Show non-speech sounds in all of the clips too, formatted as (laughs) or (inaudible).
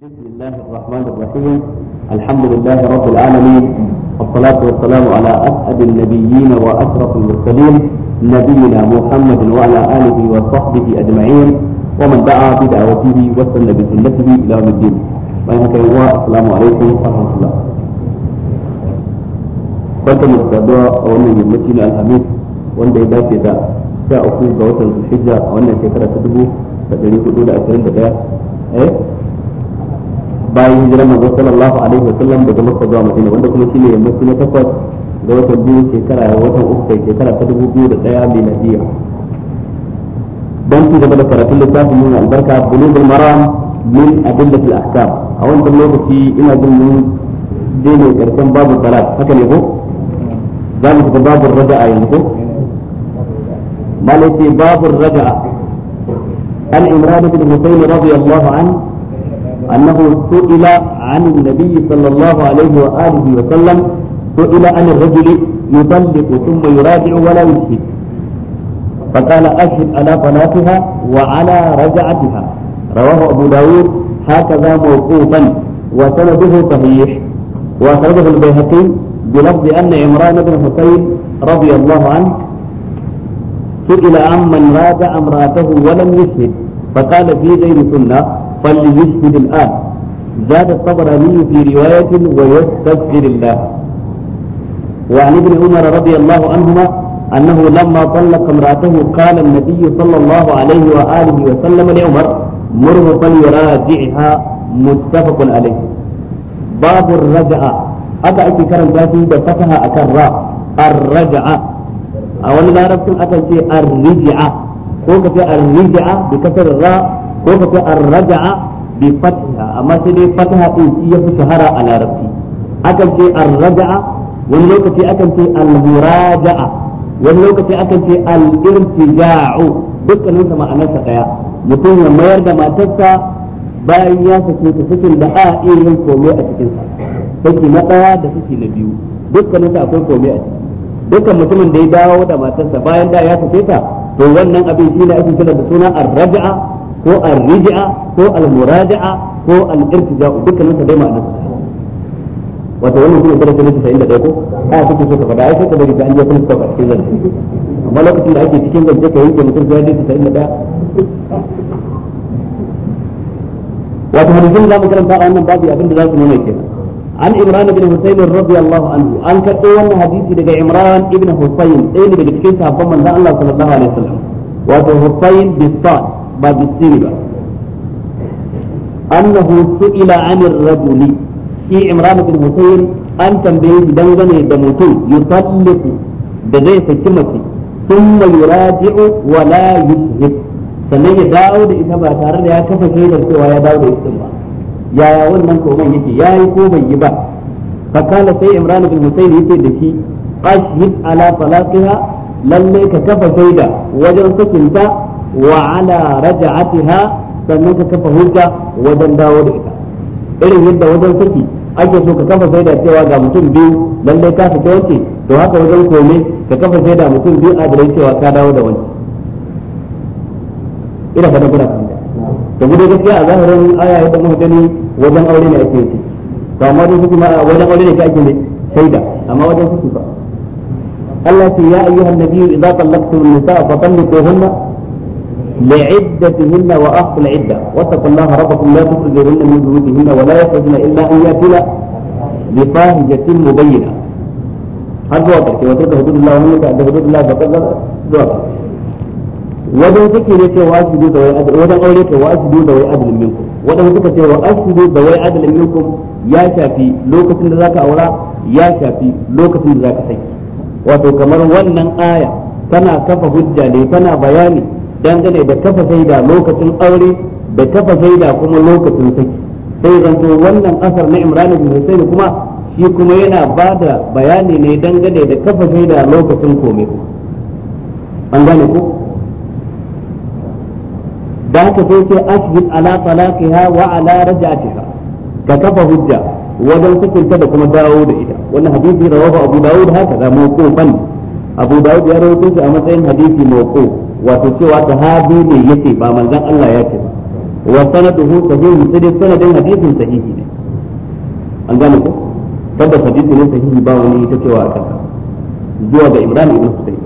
بسم الله الرحمن الرحيم الحمد لله رب العالمين والصلاة والسلام على أسعد النبيين وأشرف المرسلين نبينا محمد وعلى آله وصحبه أجمعين ومن دعا بدعوته وسن بسنته إلى يوم الدين بينك السلام عليكم ورحمة الله barka mu أولا a wannan yammaci na alhamis wanda شاء dace da الحجة وان ga تدبو zulhijja a wannan shekara ta bayan hijirar manzo sallallahu alaihi wa sallam daga Makka zuwa Madina wanda kuma shine yammaci na takwas da watan biyu shekara ya watan uku kai shekara ta dubu biyu da ɗaya nadiya don ci gaba da karatun littafin nuna albarka bulugul maram min adillatil ahkam a wannan lokaci ina jin mun daina karshen babu salat haka ne ko za mu shiga babu raja'a yanzu ko malaki babu raja'a al imran bin husayn radiyallahu anhu أنه سئل عن النبي صلى الله عليه وآله وسلم سئل عن الرجل يطلق ثم يراجع ولا يشهد فقال أشهد على صلاتها وعلى رجعتها رواه أبو داود هكذا موقوفا وسنده صحيح وأخرجه البيهقي بلفظ أن عمران بن حسين رضي الله عنه سئل عمن راجع امرأته ولم يشهد فقال في غير سنة فليسجد الآن زاد الطبراني في رواية ويستغفر الله وعن ابن عمر رضي الله عنهما أنه لما طلق امرأته قال النبي صلى الله عليه وآله وسلم لعمر مره فليراجعها متفق عليه باب الرجعة أتى أكي كرم ذاتي بفتها أكرا الرجعة أولا لا ربكم أتى الرجعة ko ka ce arrijia bi ko ka ce ar-raja'a bi fatiha amma sai dai fatiha din shi ya fi shahara a larabci akan ce ar-raja'a wani lokaci akan ce al-muraja'a wani lokaci akan ce al-irtija'u dukkanin sa ma'anarsa daya mutum ya mayar da matarsa bayan ya sake ta cikin da a irin komai a cikin sa saki na daya da saki na biyu dukkanin sa akwai komai a ciki dukkan mutumin da ya dawo da matarsa bayan da ya sake ta to wannan abin shi ne ake kira da suna ar-raja'a ko ar-rij'a ko al-muradi'a ko al-irtija'u dukkanin su dai ma'anar wato wannan shine darasi na dai ko a kake so ka faɗa ai ka bari ka an je kun ka cikin zance amma lokacin da ake cikin zance ka yanke mutum sai dai 91 wato hadisin da mu karanta a wannan babu abin da za su nuna kenan عن عمران بن حسين رضي الله عنه عن كتبه وانا حديثي لدى عمران بن حسين اين بجتكين صحابة من الله صلى الله عليه وسلم وهو حسين بالصاد ba bisini ba annahu su'ila 'anil rajuli shi imran bin husayn an tambaye shi dangane da mutum yusallifu da zai saki mace thumma yuraji'u wa la sannan ya dawo da ita ba tare da ya kafa shaidar cewa ya dawo da ita ba yaya wannan koman yake yayi ko bai yi ba fakala sai imran bin husayn ce da shi ashhid ala talaqiha lalle ka kafa shaida wajen sakinta wa ala raj'atiha sannan ka kafa hujja wajen dawo da ita irin yadda wajen saki ake so ka kafa shaida cewa ga mutum biyu lalle ka ta wance to haka wajen kome ka kafa shaida mutum biyu a adalai cewa ka dawo da wance ina fata kuna fahimta to mu dai gaskiya a zahirin aya yadda muka gani wajen aure ne ake yi to amma dai kuma wajen aure ne ake ne shaida amma wajen saki ba Allah ya ayyuhan nabiyyu idza talaqtum an-nisaa fa talliquhunna لعدتهن وأخذ العدة واتقوا الله ربكم لا تخرجوهن من بيوتهن ولا يخرجن إلا أن يأتين بفاهجة مبينة da hudud adalin wajen aure ce wa ashidu da wai adalin minkum ya shafi lokacin da zaka aura ya shafi lokacin da zaka kamar wannan aya tana kafa hujja ne tana bayani dangane da kafa shaida lokacin aure da kafa shaida kuma lokacin saki sai zanto wannan asar na imran ibn husayn kuma shi kuma yana ba da bayani ne dangane da kafa shaida lokacin komai an gane ku da ka sai sai ashhid ala talaqiha wa ala raj'atiha ka kafa hujja wajen sakinta da kuma dawo da ita wannan hadisi rawahu abu daud haka da mawqufan abu daud ya rawaito shi a matsayin hadisi mawquf wato cewa sahabi ne yace ba manzon Allah ya ce wa sanaduhu sahihun sai dai sanadin hadisin sahihi ne an gane ko tabbas hadisi ne sahihi ba wani ita cewa akan zuwa ga Ibrahim ibn Husayn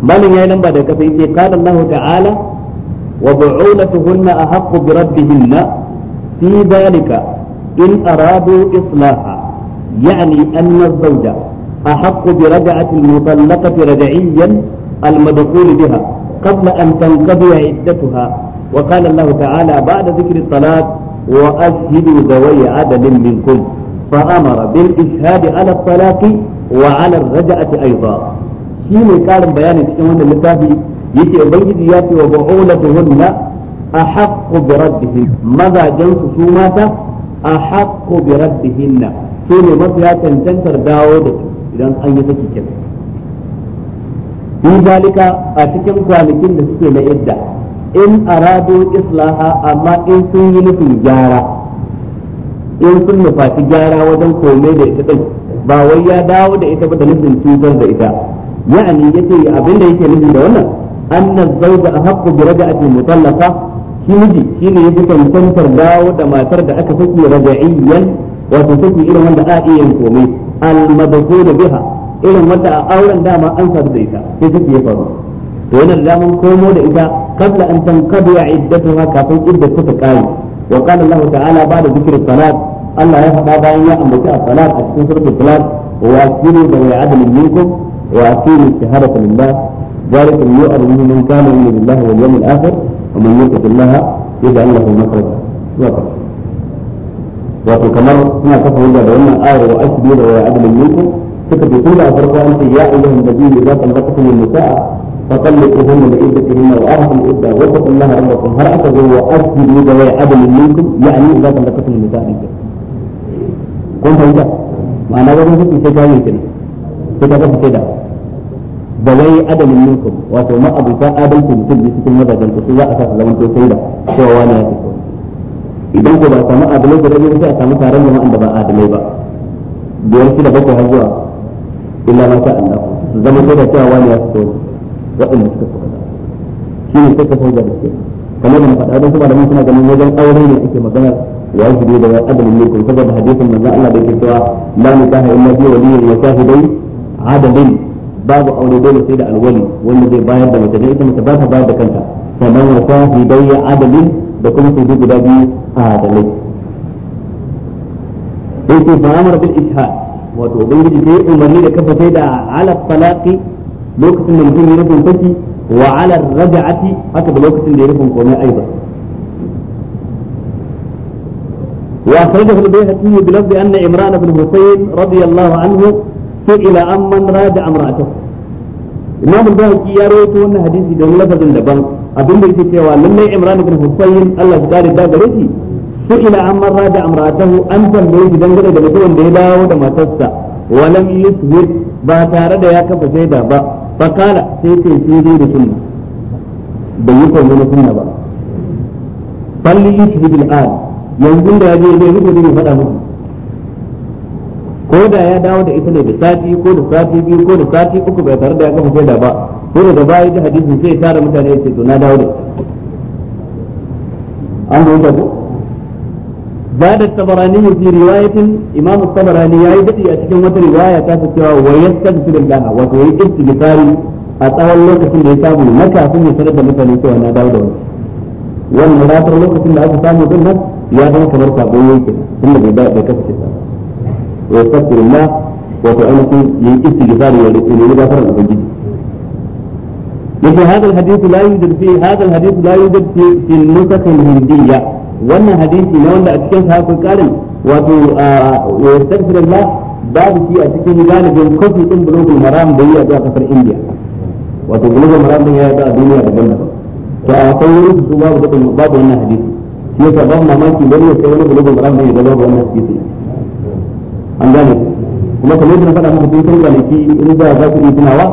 malin yayi nan ba da kafa yace qala Allah ta'ala wa bu'ulatuhunna ahaqqu bi rabbihinna fi dhalika in aradu islaha يعني أن الزوجة أحق برجعة المطلقة رجعيا المدخول بها قبل أن تنقضي عدتها وقال الله تعالى بعد ذكر الصلاة وأشهدوا ذوي عدل منكم فأمر بالإشهاد على الطلاق وعلى الرجعة أيضا شيء قال بيان تشمل اللتافي يتي أبيض ياتي وبعولتهن أحق بردهن ماذا جنس سوماتا أحق بردهن سوني مطلع تنتنتر داود إذا أن يتكي كذلك fi dalika a cikin kwanakin da suke na idda in arado islaha amma in sun yi nufin gyara in sun nufaci gyara wajen kome da ita din ba wai ya dawo da ita ba da nufin cutar da ita ya'ani yace abin da yake nufi da wannan anna zawja ahaqqu bi raj'ati mutallaqa shi miji shine yafi tantantar dawo da matar da aka saki raja'iyyan wato saki irin wanda a iya komai al madkhul biha irin wanda a auren dama an sadu da ita sai take ya faru to yana da daman komo da ita kabla an tanqadi iddatuha kafin iddatu ta kare wa qala Allah ta'ala ba'da dhikri salat Allah ya faɗa bayan ya ambaci a salat a cikin suratul salat wa asiru da wa adalin minkum wa asiru shahadatan lillah ذلك يؤمن من كان يؤمن بالله واليوم الاخر ومن يتق الله يجعل له مخرجا wato kamar suna kafa hujja da wannan ayar wa asbiru suka ce tun da farko an ce ya ayyuhan nabiyyu idza talaqtum an-nisaa فطلقوهن لعدتهن وأرحم العدة واتقوا الله ربكم هل أتوا وأسجدوا ذوي عدل منكم يعني إذا طلقتم النساء منكم. kun fahimta ma'ana wajen hukun sai kayan kenan sai ka kafa shaida da wai adalin minkum wato ma abuta adalci mutum ne cikin mazajen su za a sa zaman to shaida cewa wani ya fito idan ko ba samu adalai da rabi sai a samu taron jama'an da ba ba biyar shi da bakwai har zuwa illa ma sha Allah su zama ko da cewa wani ya fito waɗanda suka fito shi ne suka fito da shi kamar da faɗa don kuma da mun suna ganin wajen aure ne ake magana ya shi da ya adalin ne kuma saboda hadisin manzon Allah da yake cewa la nikaha illa bi waliyyin wa shahidai adalin babu aure dole sai da alwali wanda zai bayar da mace da ita mace ba ta bayar da kanta sannan wa shahidai adalin da kuma su guda biyu adalai sai ce fa'amar bil ishad wato ubangiji sai umarni da kafa sai da ala talaqi lokacin da mutum ya rufin saki wa ala raja'ati haka da lokacin da ya rufin komai aiba wa وأخرجه البيهقي بلفظ أن عمران بن حسين رضي الله عنه سئل عمن راجع امرأته imam al-bahaki ya rawaito wannan hadisi da lafazin daban abin da yake cewa lalle imran ibn husayn Allah ya kare da gare shi سئل عما amratahu an ان تنبيه dangane da mutumin da ya dawo da matarsa walam yusbit ba tare da ya kafa shaida ba fa kala sai ce shi dai da sunna bai yi kwanne na sunna ba falli yushhid al an yanzu da yaje dai muku dai faɗa muku ko da ya dawo da ita ne da sati ko da sati biyu ko da sati uku bai tare da ya kafa shaida ba ko da baya da hadisin sai ya tara mutane ya ce to na dawo da ita an ga ko زاد الطبراني في رواية الإمام الطبراني يعيد في أتكلم رواية تاسسها ويستغفر الله وكوي استغفار أطاوى الله كثير لحسابه مكا ثم يسرد مثل يسوى أنا داود والمراسل الله في لحسابه ثم يسرد يا دون كبرتا بويك ثم يباع بكفتها ويستغفر الله وتعلمك يستغفار ويستغفر في جديد لكن هذا الحديث لا يوجد فيه هذا الحديث لا يوجد في النسخ الهندية wannan hadisi na wanda a cikin sa akwai karin wato wa yastaghfirullah babu shi a cikin galibin kofi din bulugul maram da yi a kasar India wato bulugul maram din ya yi a duniya daban-daban to a akwai wani su babu babu wannan hadisi shi yasa babu mamaki wani ya kai wani bulugul maram din ya babu wannan hadisi an gane kuma kamar yadda na faɗa muku tun kan kwanaki in za za ku iya tunawa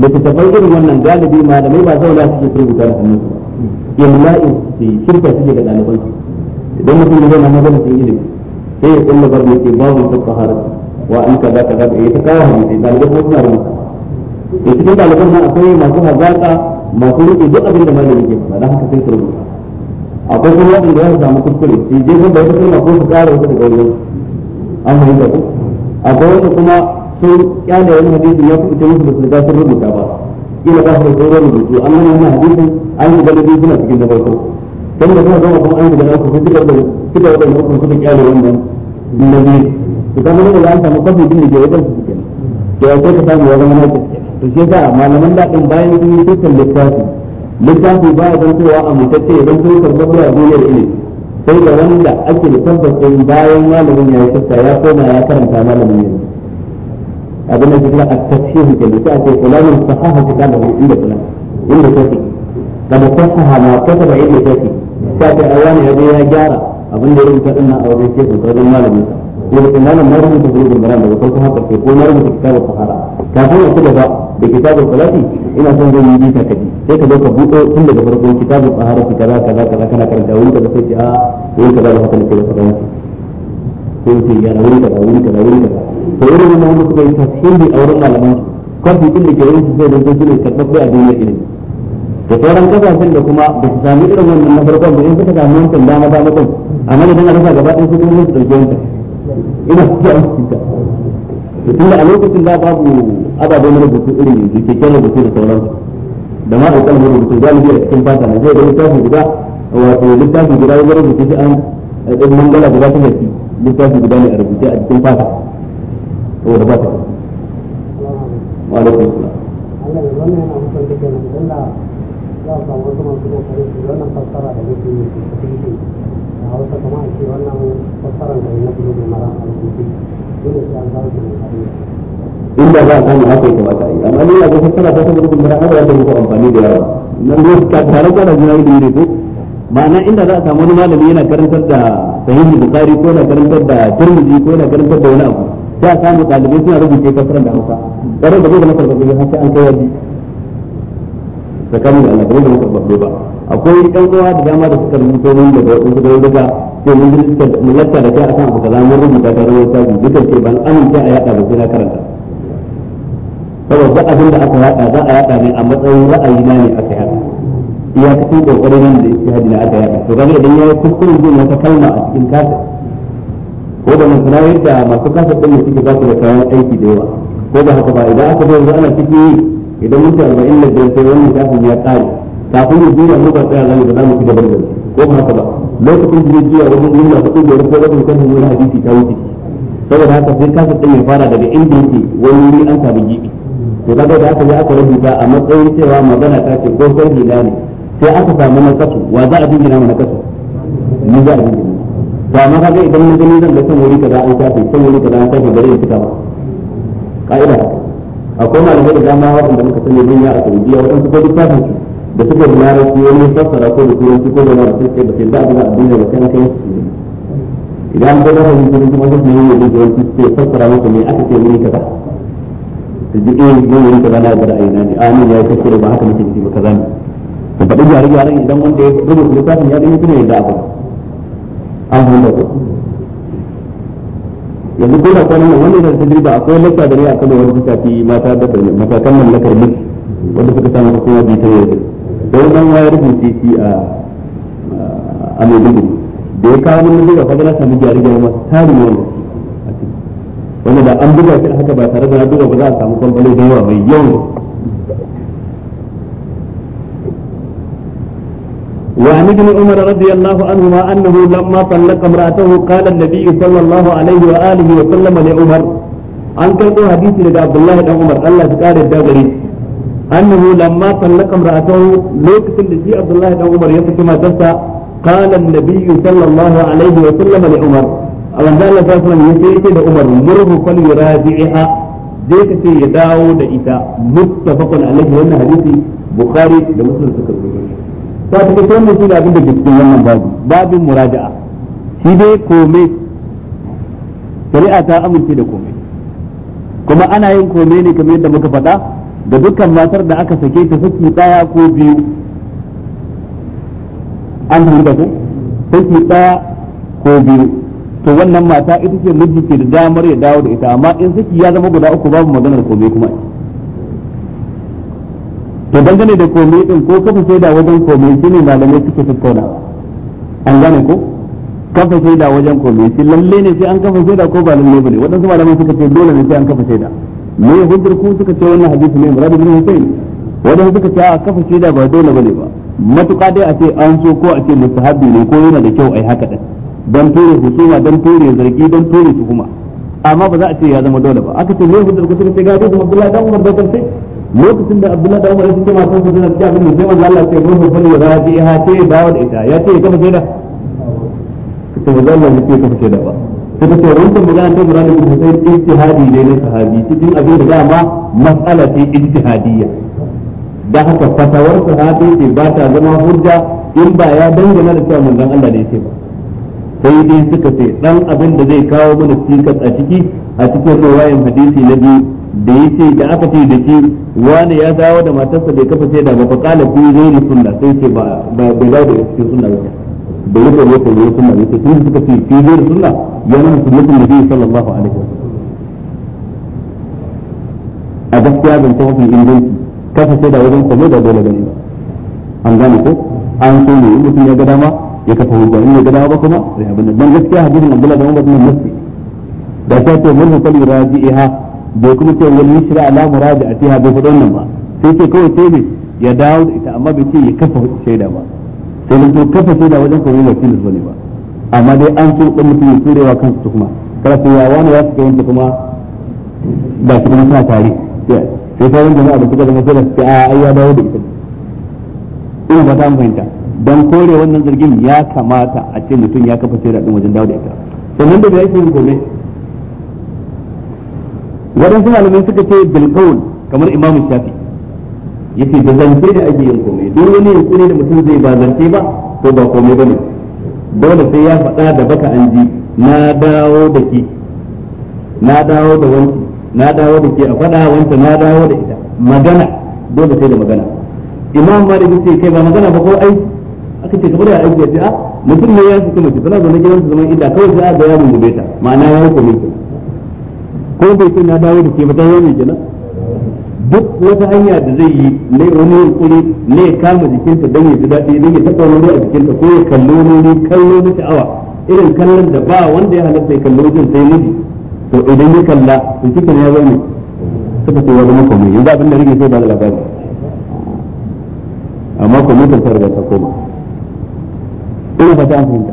littattafai irin wannan galibi malamai ba zauna suke rubuta da hannunsu ba illa in shirka suke da ɗalibansu idan mutum ya zama magana majalisin ilimi sai ya kulla babu ba mu ta fahara wa an kaza kaza da ya ta kawo hadisi dalibai kuma suna rubuta to cikin daliban nan akwai masu hazaka masu rike duk abin da malami ke faɗa da haka sai su rubuta akwai kuma waɗanda ya samu kuskure su je da wata kalma ko su ƙara wata daga wani an da ku akwai wanda kuma sun kyale wani hadisi ya fi ita musu da su riga sun rubuta ba kila ba su da sauran rubutu an nuna wannan hadisin an yi galibi suna cikin na farko dan da zama zama kuma an riga na ku kuka da kuka da ku kuka kyale wannan nabi to kuma ne da an samu kafi din da yake su kenan to sai ka samu ya zama na ku to shi yasa malaman da din bayan sun yi dukkan littafi littafi ba ya zantowa a mutacce idan sun karɓa a duniyar ilimi sai da wanda ake da tabbacin bayan malamin ya yi tsafta ya koma ya karanta malamin yanzu abin da kuma at-tafsir kenan sai ake kulamin sahaha kitabahu inda kula inda kafi kada sahaha ma kataba inda kafi ta ce ai wani yaje ya gyara abin da ya rubuta din nan a wajen ke sun wajen malamin sa ya ce malam na rubuta bulugul maram daga farko haka ke ko na rubuta kitabul sahara kafin ya ci gaba da kitabul salati ina son zan yi bita kaji sai ka zo ka buɗe tun daga farko kitabul sahara ki kaza kaza kaza kana karanta wani kaza sai ki a wani kaza da haka ne ke da kaza ko ce gyara wani kaza wani kaza wani kaza to irin wannan wanda suka yi tafsiri a wurin malaman su kwafi din da ke wani su zai zo su ne karɓaɓɓe a duniya ilimi da sauran kasashen da kuma ba su sami irin wannan na farkon da in suka sami wancan dama ba mutum amma idan a rasa gaba ɗaya su kuma su ɗauki wancan ina suke a cikinta tun da a lokacin da babu ababen rubutu irin yanzu keken rubutu da sauransu da ma ɗaukan rubutu galibi a cikin fata na zai da littafi guda wato littafi guda ya rubuta shi an ɗin mangala guda ta haifi littafi guda ne a rubuce a cikin fata saboda ba ta wa alaikum salam za a samu wasu masu kokarin su wannan fassara da nake ne su tafi a hausa kuma a ce wannan fassarar da nake ne mara a rubuce dole sai an samu su ne kare inda za a samu haka ya kamata a yi amma ni na ga fassara ta saboda kuma da haka ko amfani da yawa nan ne ka tare da juna da ne ko ma'ana inda za a samu wani malami yana karantar da sahihi bukari ko yana karantar da turmiji ko yana karantar da wani abu sai a samu ɗalibai suna rubuce fassarar da hausa tsaron da zai zama karɓar har sai an kai wajen tsakanin da Allah da mutum babu ba akwai ɗan uwa da dama da suka rubuta wani daga wasu da daga sai mun rubuta mun mulatta da kai kan abu kaza mun rubuta ta rawar sabi duka ce ban amince a yada ba sai na karanta saboda duk abin da aka yada za a yada ne a matsayin ra'ayi na ne aka yada iyakacin kokarin nan da ijtihadi na aka yada to kaga idan ya yi kuskuren jin wata kalma a cikin kasa ko da mun sanar da masu kasa din ne suke ba su da kayan aiki da yawa ko da haka ba idan aka zo ana cikin idan mun ce arba'in da biyar sai wannan shafin ya kare kafin ya juya mu ba tsaya zai ba za mu ci gaba da ko ba haka ba lokacin da ya juya wajen jumla hudu biyar ko rabin kan wani hadisi ta wuce saboda haka sai kasa din ya fara daga inda yake wani wuri an samu gibi to kaga da aka yi aka rubuta a matsayin cewa magana ta ce ko sai da ne sai aka samu na kasu wa za a jingina mana kasu ni za a jingina to amma kaga idan na gani zan ga san wuri kaza an shafe san wuri kaza an shafe bare ya fita ba ka'ida haka akwai malamai da dama waɗanda muka sani duniya a saudiya waɗansu ko littafin su da suka yi larabci wani fassara ko da turanci ko da na rasu sai ba sai ba a buga ba kan kai idan ko da hanyar turanci kuma sai ne da turanci sai fassara maka me aka ce mini kaza ta ji eh ne wani kaza na da na ne a ah, ni ya kace ba haka nake ji ba kaza ne to faɗi gyare gyaren idan wanda ya rubuta littafin ya dinga tunani a abu an yanzu ko da kwanan nan wani da tajriba akwai lakka da ne a kano wanda suka shafi mata da matakan mallakar miki wanda suka samu ta kuma da yanzu don dan wayar rubuce shi a a maiduguri da ya kawo mun daga fagana sami gyare gyare masu tarin wanda wanda da an buga shi haka ba tare da na duba ba za a samu kwalbalo da yawa mai yawan وعن ابن عمر رضي الله عنهما انه لما طلق امراته قال النبي صلى الله عليه واله وسلم لعمر an karɓo hadisi daga Abdullahi dan Umar Allah ya kare da gare annahu lamma sallaka imra'atahu lokacin da shi Abdullahi dan Umar ya saki matarsa qala an-nabiy sallallahu alaihi wa sallam li Umar wanda Allah ta sanar ya da Umar murhu fal yuraji'ha dai ka ce ya dawo da ita muttafaqun wannan hadisi Bukhari da Muslim suka rubuta ta ta kai wannan shine abin da ke cikin wannan babu babin muraja'a shi dai kome shari'a ta amince da kome kuma ana yin kome ne kamar yadda muka faɗa da dukkan matar da aka sake ta saki daya ko biyu an fahimta ko saki daya ko biyu to wannan mata ita ce miji ke da damar ya dawo da ita amma in saki ya zama guda uku babu maganar kome kuma to dangane da komai din ko kafa shaida wajen komai shi ne malamai suke tattauna an gane ko kafa shaida wajen komai shi lalle ne sai an kafa shaida ko ba lalle bane waɗansu malamai suka ce dole ne sai an kafa shaida me hujjar ku suka ce wannan hadisi ne murabi ibn husayn waɗansu suka ce a kafa shaida ba dole bane ba matuƙa dai a ce an so ko a ce mustahabi ne ko yana da kyau ai haka din dan tore husuma dan tore zargi dan tore tuhuma amma ba za a ce ya zama dole ba aka ce me hujjar ku suka ce ga hadisin Abdullahi dan Umar da karshe lokacin da Abdullahi da Umar sun ce masu sun suna cikin abin da sai manzo Allah ce ruhu fali wa raji ha ce dawo da ita ya ce ya kafa shaida to manzo Allah ya ce ya kafa da ba sai ta ce wannan magana ta Imran ibn Husayn ijtihadi ne na sahabi cikin abin da dama mas'ala ce ijtihadiyya da haka fatawar sahabi ce ba ta zama hujja in ba ya dangana da cewa manzon Allah ne ce ba sai dai suka ce dan abin da zai kawo mana cikas a ciki a cikin riwayan hadisi na biyu da yace da aka ce da shi wani ya dawo da matarsa bai kafa sai da ba fa qala fi ghairi sunna sai ce ba ba bai dawo da cikin sunna ba da yake ne ko ne sunna ne to suka ce fi ghairi sunna ya nuna sunnatin nabi sallallahu alaihi wasallam a gaskiya ban ta hukun inganci kafa sai da wajen kwallo da dole gani an gane ko an so ne mutum ya ga dama ya kafa hujja in ya ga dama ba kuma sai abin nan gaskiya hadisin Abdullah bin Umar bin Mas'ud da ta ce mun hukali raji'iha bai kuma ce wani shira ala muradi a tiha bai faɗi nan ba sai ce kawai sai ne ya dawo da ita amma bai ce ya kafa shaida ba sai mun to kafa shaida wajen kuma ba tilas bane ba amma dai an so dan mutum ya turewa kansa ta kuma kada sai ya wani ya suka yanta kuma ba su kuma suna tare sai sauran jama'a da suka zama sai da su a ya dawo da ita ina ba ta fahimta dan kore wannan zargin ya kamata a ce mutum ya kafa shaida din wajen dawo da ita sannan da bai yake yin komai waɗansu malamai suka ce bilkawul kamar imamu shafi yace da zance da ake yin komai duk wani yankuri da mutum zai ba zance ba to ba komai bane dole sai ya faɗa da baka an ji na dawo da ke na dawo da wanki na dawo da ke a faɗa wanta na dawo da ita magana dole sai da magana imam malik yace kai ba magana ba ko aiki aka ce kamar ya aiki ya ce a mutum ne ya fito mace tana zama gidansa zama inda kawai za a ga yaron gobe ta ma'ana ya hukume ta ko bai ce na dawo da ke ba ta zo ne kenan duk wata hanya da zai yi ne wani yunkuri ne ya kama jikinsa don ya ji daɗi don ya taɓa wani a jikinsa ko ya kallo wani kallo na sha'awa irin kallon da ba wanda ya halatta ya kallo wajen sai miji to idan ya kalla to ne ya zama suka ce ya zama komai yanzu abin da rage sai ba da labari amma ko kan ta da ta koma ina fata an fahimta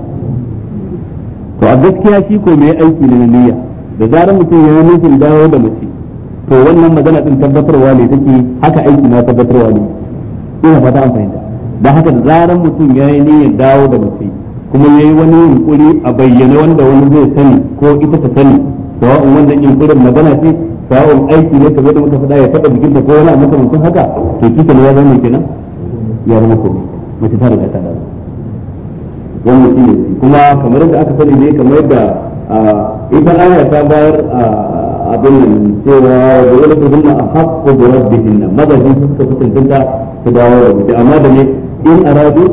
to a gaskiya shi ko mai aiki ne na niyya da zarar mutum ya yi nufin dawo da mace to wannan magana din tabbatarwa ne take haka aiki na tabbatarwa ne ina fata an fahimta da haka da zarar mutum ya yi niyyar dawo da mace kuma ya yi wani yunkuri a bayyane wanda wani zai sani ko ita ta sani sawa'un wannan yunkurin magana ce sawa'un aiki ne kamar da muka faɗa ya taɓa jikinta ko wani abu kamar haka to kika ya zama kenan ya zama komai mace ta riga ta dawo wannan shi ne kuma kamar yadda aka sani ne kamar yadda Ah, ita aya ta bayar ah, abin nan cewa da wani kudin a haƙƙo da rabbihin nan mazajin su suka fi tuntunta su dawo da mutu amma da ne in aradu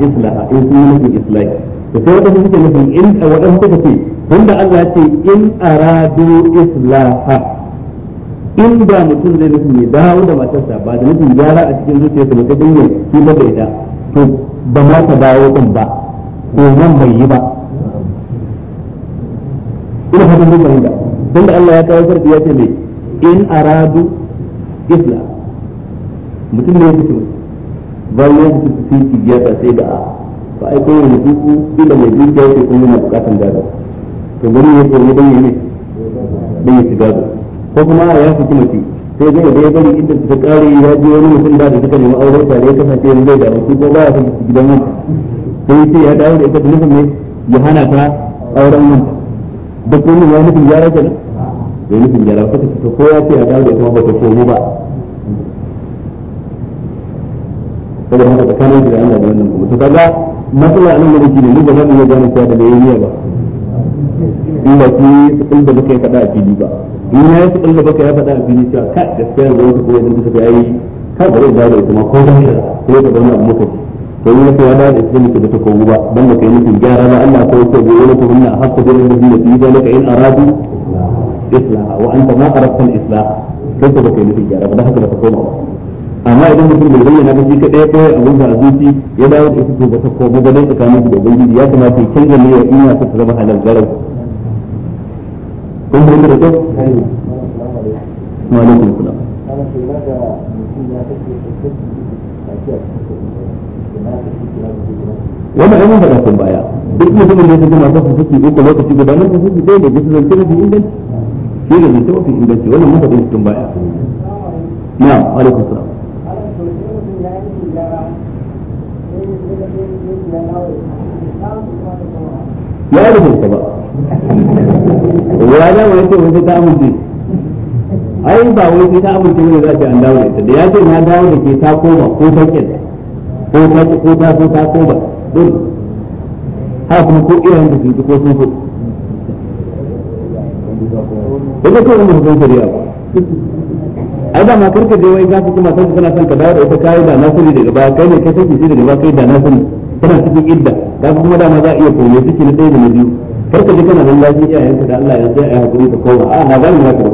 islaha in sun yi nufin islahi to sai wata suke nufin in waɗansu suka ce tunda Allah ya ce in aradu islaha in da mutum zai nufin ya dawo da matarsa ba da nufin gyara a cikin zuciyarsa ba ta da to ba ma ta dawo ba ko nan bai yi ba ina fatan mun fahimta tunda Allah ya kawo sarki ya ce me in aradu isla mutum ne ya fito bayan ya fito sai da a ba ai mai yake kuma yana bukatan gado to gani ya ce ne ya gado ko kuma ya fito mace sai zai da ya bari inda ta kare ya wani mutum da da suka nemi aure tare ya kasance yanzu zai ko ba ya gidan wanda sai ya dawo da ita da nufin ne ya hana ta auren wanda duk wannan ya nufin gyara kenan bai nufin gyara ba ta fito ko ya ce a dawo da ita ba ta komo ba ya haka tsakanin shi da Allah wannan kuma ta kaga matsala nan da a ne ya ba zan iya gane cewa da bai ba in ba ki sukul da baka yi faɗa a fili ba in ya yi sukul da baka yi a fili cewa ka gaskiya da wata kuma idan ta tafi ayi ka bari da ita a ko da ko da wani abu muka ci to ne ko wala da idan ka bata kowa ba dan baka yi nufin gyara ba Allah ko ko bi wala ko minna haqqu bil ladhi fi zalika in aradu islaha wa anta ma aradta al islah kai ko baka yi nufin gyara ba dan haka baka koma ba amma idan mutum bai bayyana ba shi kadai ko abun da azuci ya dawo da ita ba ta koma ba dan tsakanin da ubangiji ya kamata ya canza ne ya ina ta zama halal garau kun fahimta da kyau wa alaikum salam wannan ainihin da sun baya duk mutumin da ya tafi masu fasiki uku lokaci guda nan fasiki ɗaya ne bisa zance mafi inganci shi ne zance mafi inganci wannan mun tafi sun baya na'am alaikum salam ya yi rubuta ba wani wani ce wani ta amince ai ba wai sai ta amince ne za a ce an dawo da ita da ya ce na dawo da ke ta koma ko ta kyanta ko ta ce ko ta so ta ko ba dole haka kuma ko iyayen da kinki ko sun so ko ba ko wanda ba san shari'a ba ai da ma karka je wai gafi kuma sai kana son ka dawo da ita kai da na sani daga baya kai ne kai take shi daga baya kai da na sani kana cikin idda ga kuma dama za a iya koyo ciki na ɗaya da na biyu karka ji kana nan lafiya yanka da Allah ya yanzu ai hakuri ka koma a na gani na ka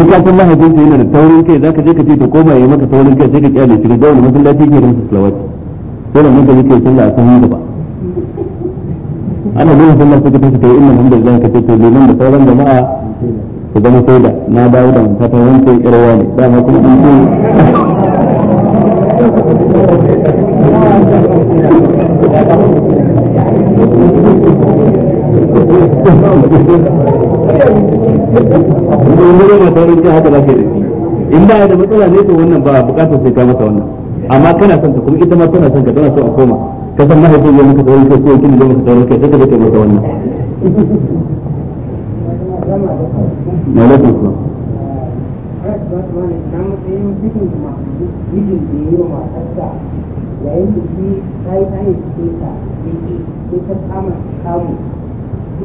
in ka san mahaifinsa yana da taurin kai zaka je ka ce to koma yayi maka taurin kai sai ka kyale shi ga wani masallaci yake da salawat sai da mun ke sallah a san gaba ana gina sallah suka tashi kai inna alhamdulillah ka ce to liman da sauran jama'a ku zama sai da na dawo da fatan wanke irwa ne dama kuma an ce Thank (laughs) you. mun gure mai saurin ji haka zaka da shi in ba da matsala ne to wannan ba bukatar sai ka masa wannan amma kana son ta kuma ita ma tana son ka tana so a koma ka san mahaifin ya maka saurin kai ko kin da maka saurin kai sai ka masa wannan malaikum salam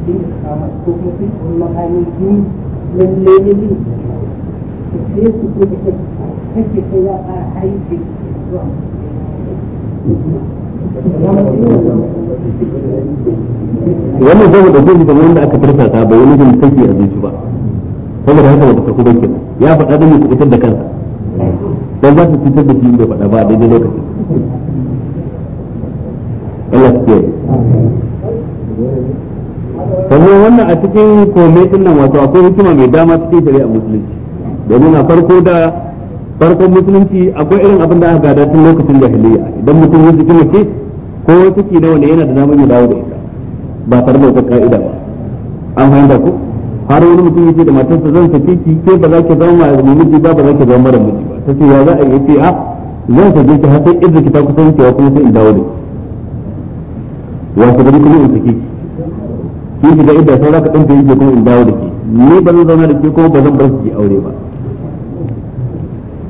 kuɗin da kama da kake kai zama da zai wanda aka tarsa ta bai wani jin kake a zuci ba saboda haka ba ka kuma ya faɗa da ne fitar da kansa dan za su fitar da shi bai faɗa ba daidai lokacin Allah kuma wannan a cikin komai din nan wato akwai hikima mai dama cikin shari'a musulunci domin a farko da farkon musulunci akwai irin abin da aka gada tun lokacin jahiliya idan mutum ya cikin mace ko ki dawo ne yana da damar ya dawo da ita ba tare da wata ka'ida ba an fahimta ko har wani mutum ya ce da matarsa zan tafi ki ke ba za ki zama mai miji ba ba za ki zama mara miji ba ta ce ya za a yi ce a zan sake ki har sai izzaki ta wa kuma sai in dawo da ki wasu gari kuma in sake ki sai ki inda saura ka yake kuma in dawo da ke ni ba zan zauna da ke kuma ba zan bar ki aure ba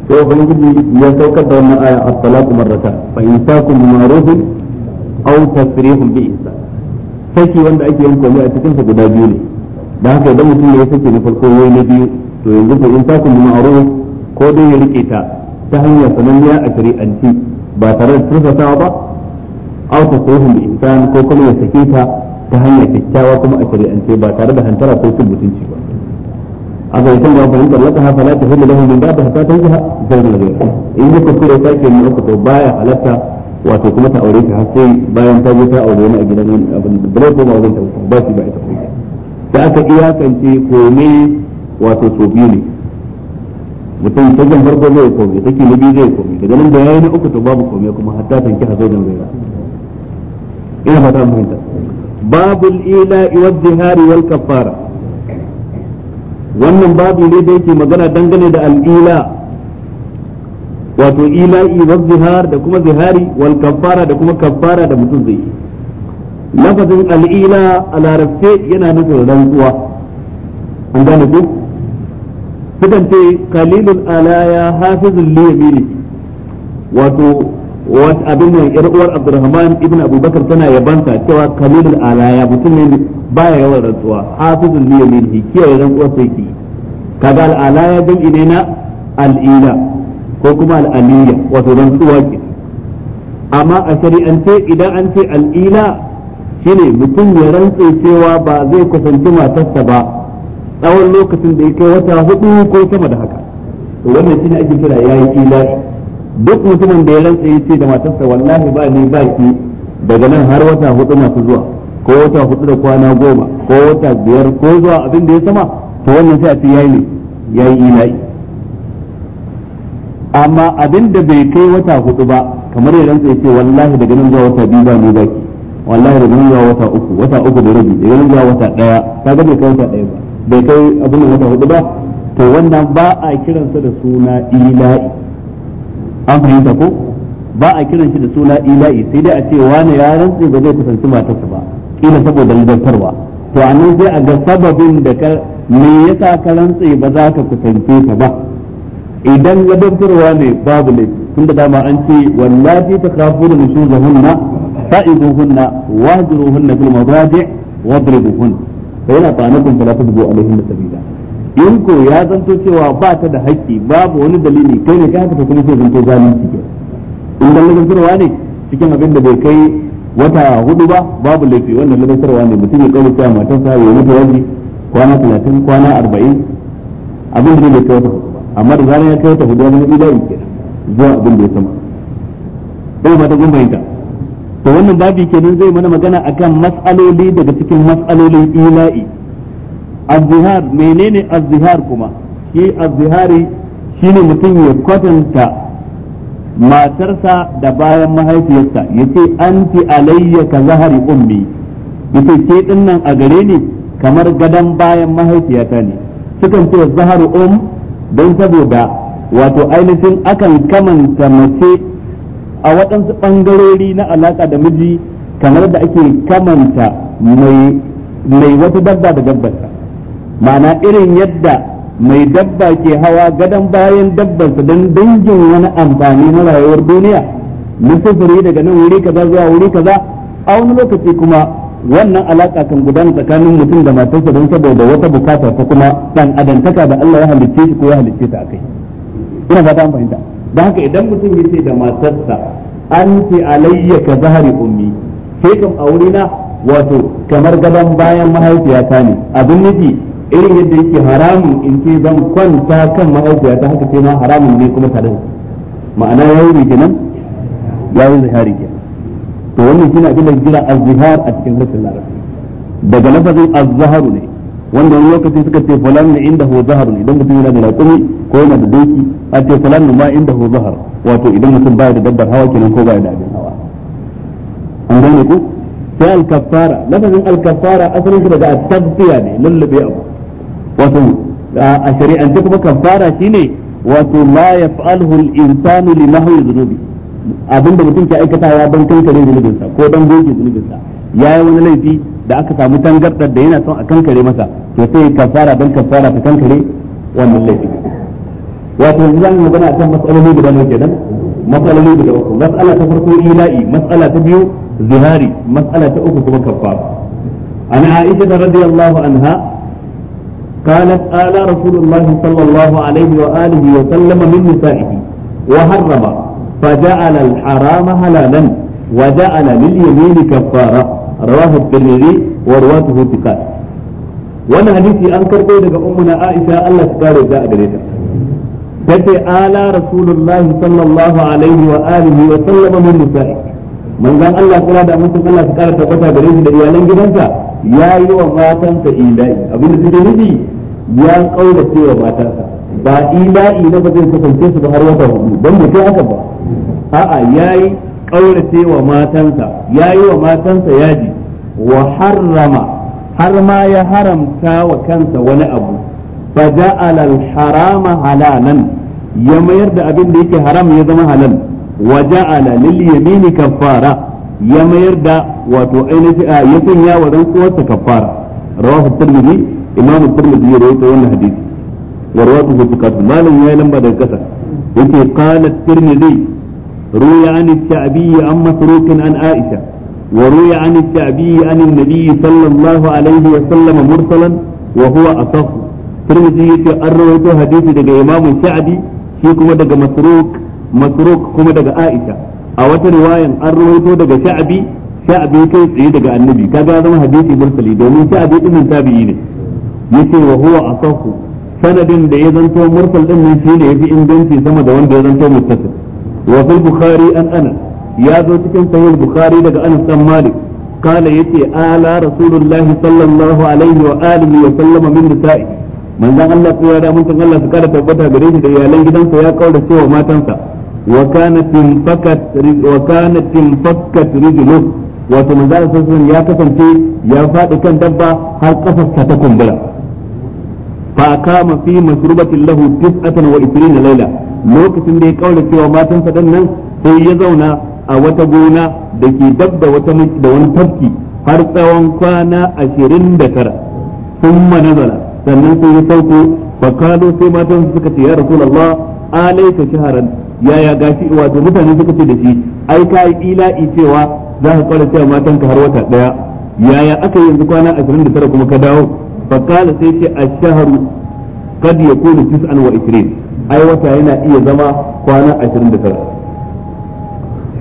to gidi ya saukar da wannan aya at-talaqu marratan fa taqu ma'rufun aw tasrihun bi ihsan saki wanda ake yin komai a cikin sa guda biyu ne da haka idan mutum ya sake na farko wai na biyu to yanzu in taqu ma'ruf ko dai ya rike ta ta hanyar sananniya a shari'anci ba tare da turfasawa ba aw tasrihun bi ihsan ko kuma ya sake ta ta hanyar kyakkyawa kuma a shari'ance ba tare da hantara ko cin mutunci ba a ga yakan da fahimta laka ha fala tahillu lahu min ba'da hatta zai zawjun zai in yi ku kure sake ne uku to baya halatta wato kuma ta aure ta sai bayan ta je ta aure wani a gidan wani abin da bare ko ba wajen ta ba shi ba ita kuma da aka iya iyakance kome wato so biyu ne mutum ta jan farko zai kome take na biyu zai kome daga nan da ya yi na uku to babu kome kuma hatta tanki ha zawjun ghayr ina fata mun باب الإيلاء والدهار والكفارة wannan babu ne da yake magana dangane da al'ila wato ila'i wa zihar da kuma zihari wal kaffara da kuma kafara da mutum zai yi lafazin al'ila a larabce yana nufin rantsuwa an gane ku sukan ce kalilul ala ya hafizul liyamini wato wata abin nan yar uwar Abdurrahman ibn Abubakar tana yabanta cewa kalilul alaya mutum ne baya yawan rantsuwa hafizul liyaminihi kiyaye rantsuwa sai ki kaga al alaya jam'i ne na al'ila ko kuma al'aliyya wato rantsuwa ke amma a shari'ance idan an ce al'ila shine mutum ya rantse cewa ba zai kusanci matarsa ba tsawon lokacin da ya kai wata hudu ko sama da haka to wannan shine ake kira yayi ila'i duk mutumin da ya rantsa ya ce da matarsa wallahi ba ni ba ki daga nan har wata hudu masu zuwa ko wata hudu da kwana goma ko wata biyar ko zuwa abin da ya sama to wannan sai a ce yayi ne yayi ilahi amma abin da bai kai wata hudu ba kamar ya rantsa ya ce wallahi daga nan zuwa wata biyu ba ni ba ki wallahi daga nan zuwa wata uku wata uku da rabi daga nan zuwa wata daya kaga bai kai wata daya ba bai kai abin da wata hudu ba to wannan ba a kiransa da suna ila'i an fahimta ko ba a kiran shi da suna ila'i sai dai a ce wani ya rantsi ba zai kusanci matarsa ba kila saboda ladartarwa to a nan sai a ga sababin da ka me yasa ka rantsi ba za ka kusance ta ba idan ladartarwa ne babu tun da dama an ce wallahi ta kafuna nusuzahunna fa'iduhunna hunna fil madaji' wadribuhunna fa yana ta'anakum fala tabghu alaihinna sabila in ko ya zanto cewa ba ta da haƙƙi babu wani dalili kai ne kai haka ta kuma sai zanto zalunci ke in dan lagartarwa ne cikin abin da bai kai wata hudu ba babu laifi wannan lagartarwa ne mutum ya kawo cewa matarsa ya mutu waje kwana talatin kwana arba'in abin da bai kai wata hudu ba amma da zaran ya kai wata hudu wani ila'i yake zuwa abin da ya sama ɗaya ba ta ita to wannan babi kenan zai mana magana akan mas'aloli daga cikin mas'alolin ila'i azihar menene azihar kuma shi azihari shine mutum ya kwatanta matarsa da bayan mahaifiyarsa yace anti alayya ka zahari ummi yace ke dinnan a gare ni kamar gadon bayan mahaifiyata ne sukan ce zahar um don saboda wato ainihin akan kamanta mace a waɗansu ɓangarori na alaƙa da miji kamar da ake kamanta mai wata dabba da dabbarsa ma'ana irin yadda mai dabba ke hawa gadon bayan dabbarsa don dangin wani amfani na rayuwar duniya na sufuri daga nan wuri kaza zuwa wuri kaza a wani lokaci kuma wannan alaka kan gudana tsakanin mutum da matarsa don saboda wata bukata ta kuma dan adantaka da Allah ya halicce shi ko ya halicce ta akai ina fata an fahimta da haka idan mutum yace da matarsa anti alayya ka zahari ummi sai kam aure na wato kamar gaban bayan mahaifiyata ne abin nufi irin yadda yake haramun in ce zan kwanta kan mahaukiya ta haka ce ma haramun ne kuma tare da ma'ana ya yi kenan ya yi zihari kenan to wannan shine abin da kira az-zihar a cikin harshen larabci daga lafazin az-zaharu ne wanda wani lokaci suka ce fulan ne inda hu zaharu ne idan mutum yana da raƙumi ko yana da doki a ce fulan ne ma inda hu zahar wato idan mutum baya da dabbar hawa kenan ko baya da abin hawa an gane ku sai al-kaffara lafazin al-kaffara asalin shi daga at-tabbiya ne lullube abu wato a shari'ance kuma kafara shine wato la yaf'alhu al-insanu li nahwi dhunubi abinda mutum ke aikata ya ban kankare zunubinsa ko dan goge zunubinsa yayi wani laifi da aka samu tangardar da yana son a kankare masa to sai kafara don kafara ta kankare wannan laifi wato yanzu zamu magana akan matsaloli guda ne kenan matsaloli guda uku matsala ta farko ila'i matsala ta biyu zihari matsala ta uku kuma kafara an aisha radiyallahu anha قالت آل رسول الله صلى الله عليه وآله وسلم من نسائه وحرم فجعل الحرام حلالا وجعل لليمين كفارة رواه الترمذي ورواته ثقات وانا حديثي انكر بيد امنا عائشة الله تكاري جاء قريتا تتي آل رسول الله صلى الله عليه وآله وسلم من نسائه من قال الله تعالى دا منتم الله تكاري تقوتها قريتا دا يالين جدنسا ya yi wa matansa ila'i abinda suke nufi ya kaurace wa matansa ba ila'i na ba zai kasance su ba har wata hudu don kai haka ba a'a ya yi kaurace wa matansa ya yi wa matansa yaji wa harrama har ma ya haramta wa kansa wani abu fa ja'ala al-harama halalan ya mayar da abin da yake haram ya zama halal wa ja'ala lil yamini ya mayar da wato ainihi ya sanya wa rantsuwarsa kafara rawahu tirmidhi imamu tirmidhi ya rawaito wannan hadisi wa rawatuhu thiqat malam ya yayi lamba daga kasa yake qala tirmidhi ruya an at-ta'bi an masruq an aisha wa ruya an at-ta'bi an an-nabi sallallahu alaihi wa sallam mursalan wa huwa asah tirmidhi yake an rawaito hadisi daga imamu sha'bi shi kuma daga masruq masruq kuma daga aisha a wata riwayan an rawaito daga sha'abi sha'abi kai tsaye daga annabi kaga ya zama hadisi mursali domin sha'abi ibn tabi'i ne yace wa huwa asahu sanadin da ya zanto mursal din ne shine yafi inganci sama da wanda ya zanto muttasil wa bukhari an ana ya zo cikin sahih bukhari daga anas bin malik kana yace ala rasulullah sallallahu alaihi wa alihi wa sallama min nisa'i manzon Allah ya da mutun Allah su kada tabbata gare shi da iyalan gidansa ya kawo da matansa wakanatin انفكت وكانت انفكت رجله wato manzo ya kasance ya faɗi kan dabba har kafarsa ta kumbura fa kama fi masrubatin lahu 29 laila lokacin da ya kaura cewa matan sa sai ya zauna a wata gona da ke dabba wata da wani tafki har tsawon kwana ashirin da 29 thumma nazala sannan sai ya sauko fa kalu sai matan suka ce ya rasulullah alayka shaharan yaya gashi wato mutane suka ce da shi ai ka yi ila'i cewa za ka kwara cewa matan ka har wata daya yaya aka yanzu kwana 29 kuma ka dawo fa sai ce ash-shahru qad yakunu 29 ai wata yana iya zama kwana 29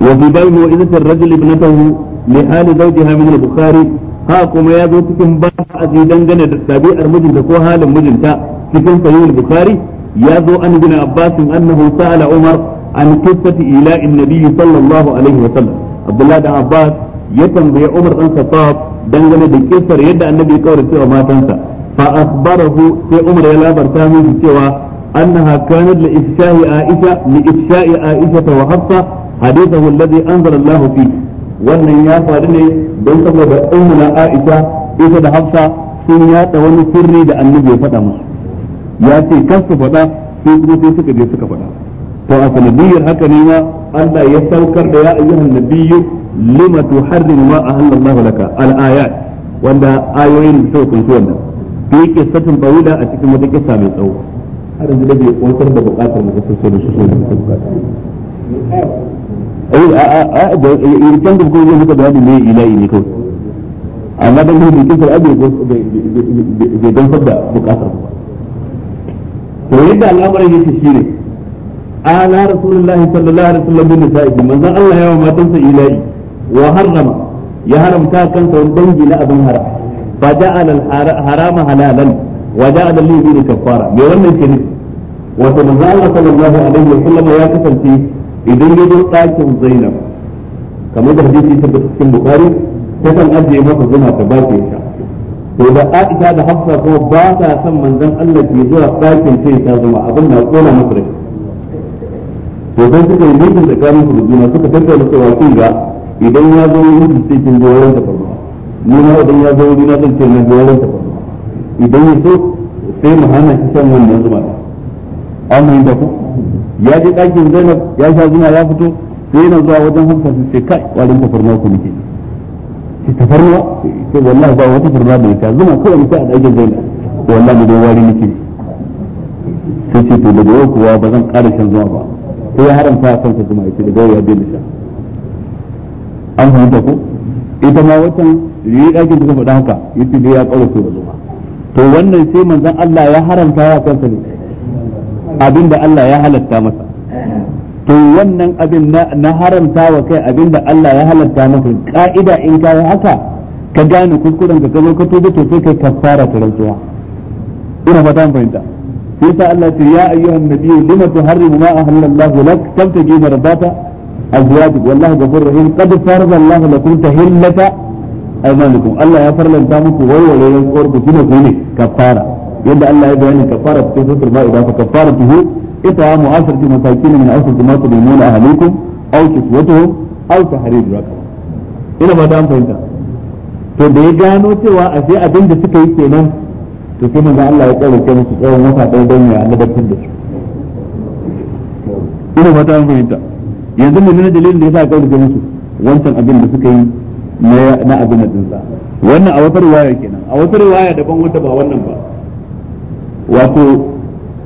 wa fi bayni wa idzati ar-rajul ibnatahu li hali zawjiha min al-bukhari ha kuma ya zo cikin ba a dangane da tabi'ar mijinta ko halin mijinta cikin sahih al-bukhari ya zo an bin Abbas annahusa sa'ala Umar an qissati ila annabi sallallahu alaihi wa sallam Abdullah da Abbas ya tambaye Umar dan Khattab dangane da kissar yadda annabi ya kaura cewa matansa fa akhbarahu sai Umar ya labarta miki cewa أنها كانت لإفشاء عائشة لإفشاء عائشة وحفصة حديثه الذي أنزل الله فيه wannan ya faru ne don saboda ummuna Aisha isa da Hafsa sun yada wani sirri da annabi ya faɗa musu ya ce kan su faɗa sai kuma sai suka je suka faɗa to a sanadiyar haka ne ma Allah ya saukar da ya ayyuhan nabiyyu lima tuharrimu ma Allah laka al-ayat wanda ayoyin da suka kunshi wannan to yake satin a cikin wata kissa mai tsawo har yanzu da bai kwantar da bukatar mu sosai da sosai da bukatar a da kuma muka bayani ne ilahi ne kawai amma dan gudun kisar abin bai gamsar da bukatar ba to yadda al'amuran yake shine ala rasulullahi sallallahu alaihi wasallam bin nisa'i manzon Allah ya yawa matansa ilahi wa harrama ya haramta kansa wani dangi na abin haram fa ja'ala harama halalan wa ja'ala al-yumina kaffara me wannan ke nufi wato manzon Allah sallallahu alaihi wasallam ya kasance idan ya zo ɗakin Zainab kamar da hadisi ta cikin Bukhari ta kan ajiye masa zuma ta ba ta to da Aisha da Hafsa ko ba ta son manzon Allah ke zuwa sakin sai ta zuma abin na kona musu rai to dan suka yi mutum da karin su juna suka tattauna cewa kin ga idan ya zo wurin sai kin goyon ta farma ni ma idan ya zo wurin na zan ce na goyon ta idan ya so sai mu hana shi shan wannan zuma an mai da ku ya je dakin Zainab ya sha zuma ya fito sai yana zuwa wajen Hafsa sai kai kwarin ta farma ku nake sai tafarnuwa sai wallahi ba wata farma da ita zuma kawai mutum a ɗakin zaina wallahi da wari nake sai ce to daga yau kuwa ba zan ƙara shan zuma ba sai ya haramta a kansa zuma ita daga yau ya daina sha an fahimta ko ita ma watan yi ɗakin ta faɗa haka yace dai ya ƙaura da zuma to wannan sai manzon Allah ya haramta wa kansa ne abinda Allah ya halatta masa to wannan abin na haramta wa kai abin da Allah ya halatta maka ka'ida in ka yi haka ka gane kuskuren ka kazo ka tuba to sai kai kafara ta rantsuwa ina fata mun fahimta yasa Allah ce ya ayyuhan nabiyyu lima tuharrimu ma ahallallahu lak tabtaji mardata azwajik wallahu ghafurur rahim qad farada lakum tahillata aymanukum Allah ya farlanta muku ku shine ne kafara yadda Allah ya bayani kafara cikin sura إطعام عشرة مساكين من أوسط ما تطعمون أهليكم أو كسوتهم أو تحرير رقبة ina ba an fahimta to da ya gano cewa a sai abin da suka yi kenan to sai manzo Allah ya tsare ke musu tsawon wata ɗaya don ya ladabtar da su ina ba an fahimta yanzu mun ne dalilin da yasa ka rubuta musu wancan abin da suka yi na abin da dinsa wannan a wata riwaya kenan a wata riwaya daban wanda ba wannan ba wato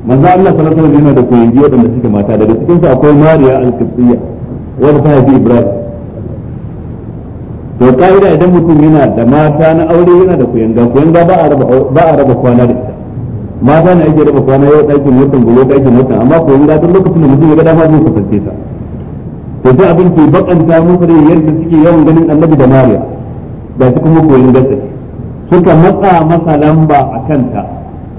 manzo Allah sallallahu alaihi yana da koyi da suke mata daga cikin su akwai Mariya al-Qibtiyya wanda ta haifi Ibrahim to kaida idan mutum yana da mata na aure yana da kuyanga ga ba a raba ba a raba kwana da ita mata ne ake raba kwana yau ɗakin mutum gobe ɗakin mutum amma kuyanga duk lokacin da mutum ya ga dama zai kusance ta to sai abin ke bakanta musu da yanda suke yawan ganin Annabi da Mariya da su kuma koyin gaske suka matsa masa lamba a kanta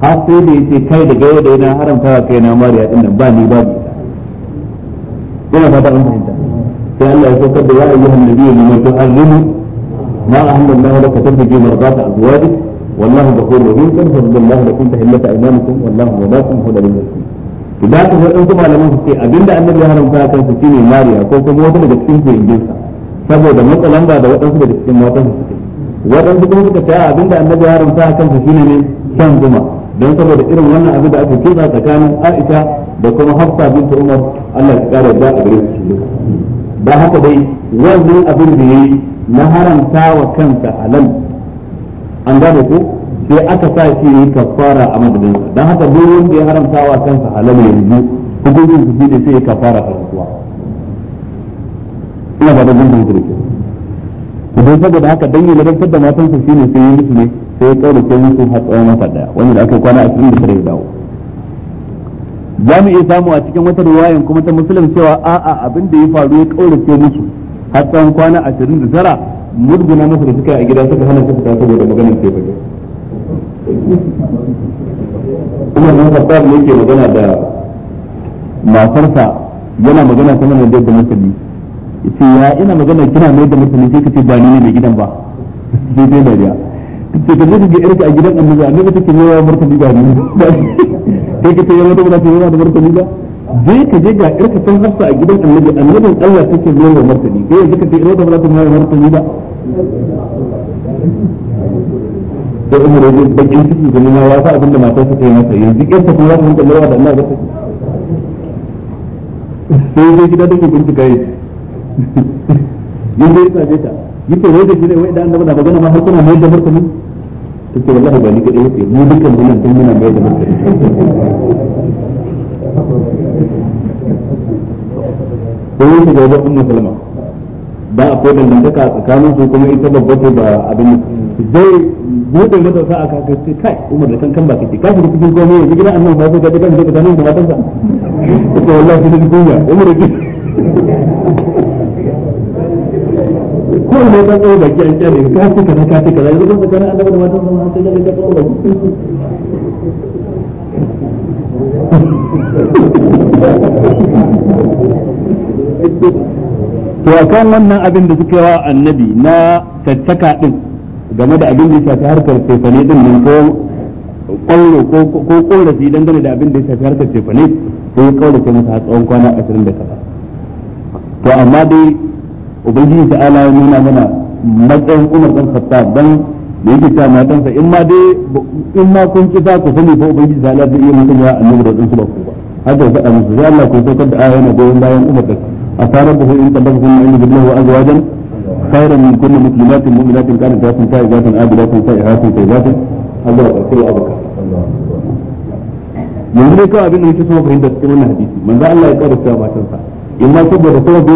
har sai da yace kai daga yau da haramta wa kai na mariya din nan ba ni ba ni ina fata an fahimta sai Allah ya saukar da ya ayyuhan nabiyyu liman tu'allimu ma ahlallahu laka tabghi marzata azwajik wallahu ghafurur rahim kan fadlallahu lakum tahillata aymanikum wallahu wadakum huwa lil to da ka fadan malaman su ce abinda annabi ya haramta kan su shine mariya ko kuma wata daga cikin kuyingin sa saboda matsalan ba da waɗansu daga cikin matan su suke waɗansu kuma suka ta abinda annabi ya haramta kan su shine ne shan zuma don saboda irin wannan abin da aka kitsa tsakanin Aisha da kuma Hafsa bint Umar Allah ya kare da a gare su da haka dai wannan abin da yayi na haramta wa kansa halal an gane ko sai aka sa shi ne kafara a madadin sa dan haka duk wanda ya haramta wa kansa halal yanzu hukuncin su ne sai ya kafara a rantsuwa ina ba da gudun da idan saboda haka dan ya ladantar da matan sa shine sai yi musu ne sai ya kaura ke musu har tsawon wata daya wanda da aka kwana da ya dawo za mu iya samu a cikin wata ruwayan kuma ta musulun cewa a'a abin da ya faru ya kaura ke musu har tsawon kwana 29 murguna musu da suka yi a gida suka hana suka tafi da maganar ke fage kuma bin Khattab ne ke magana da matarsa yana magana ta mana da musulmi ce ya ina magana kina mai da mutane sai kace ba ni ne mai gidan ba sai dai dariya kace da zo ga irka a gidan annabi annabi take ne wa martabi ba ni kai kace ya mutu ba ta yawa da martabi ba dai ka je ga irka san hafsa a gidan annabi annabin Allah take ne wa martabi dai yanzu kace ina da ba ta martabi ba da umar da bakin ciki da nuna ya sa abin da matarsa ta yi masa yanzu irka kuma za ta rinka lura da Allah ba ta sai dai gida da ke bincika yi yadda ya same ta yake wai da shi ne wai da magana ma har kuna mai da martani wallahi ba ni yake mu dukkan mu nan muna mai da martani ko wajen salama dangantaka tsakanin su kuma ita ce ba abin zai bude a kai umar da kankan ba cikin ka ji kan da matansa wallahi ne umar da kawai ne tsaye baki an ka ce kaza ka ce kaza yanzu annabi da matan ta daga baki to akan wannan abin da suka yi wa annabi na tattaka din game da abin da ya shafi harkar tefane din nan ko kwallo ko korafi dangane da abin da ya shafi harkar tefane ko ya kaurace masa a tsawon kwana 20 da kaza to amma dai ubangiji ta ala ya nuna mana matsayin umar dan khattab dan da yake ta sa in ma dai in ma kun kita ku sani ko ubangiji ta ala zai iya mutum ya annabi da dan su ba ku ba haka ba faɗa musu sai Allah ku saukar da ayoyi na goyon bayan umar dan asarabu in tabaqtum min inda billahi wa azwajan خيرا من كل مسلمات مؤمنات كانت ذات تائبات عابدات سائحات طيبات الله كل أبكى yanzu dai kawai abin da yake so fahimta cikin wannan hadisi manzo Allah ya kawo cewa matarsa in ma saboda sababi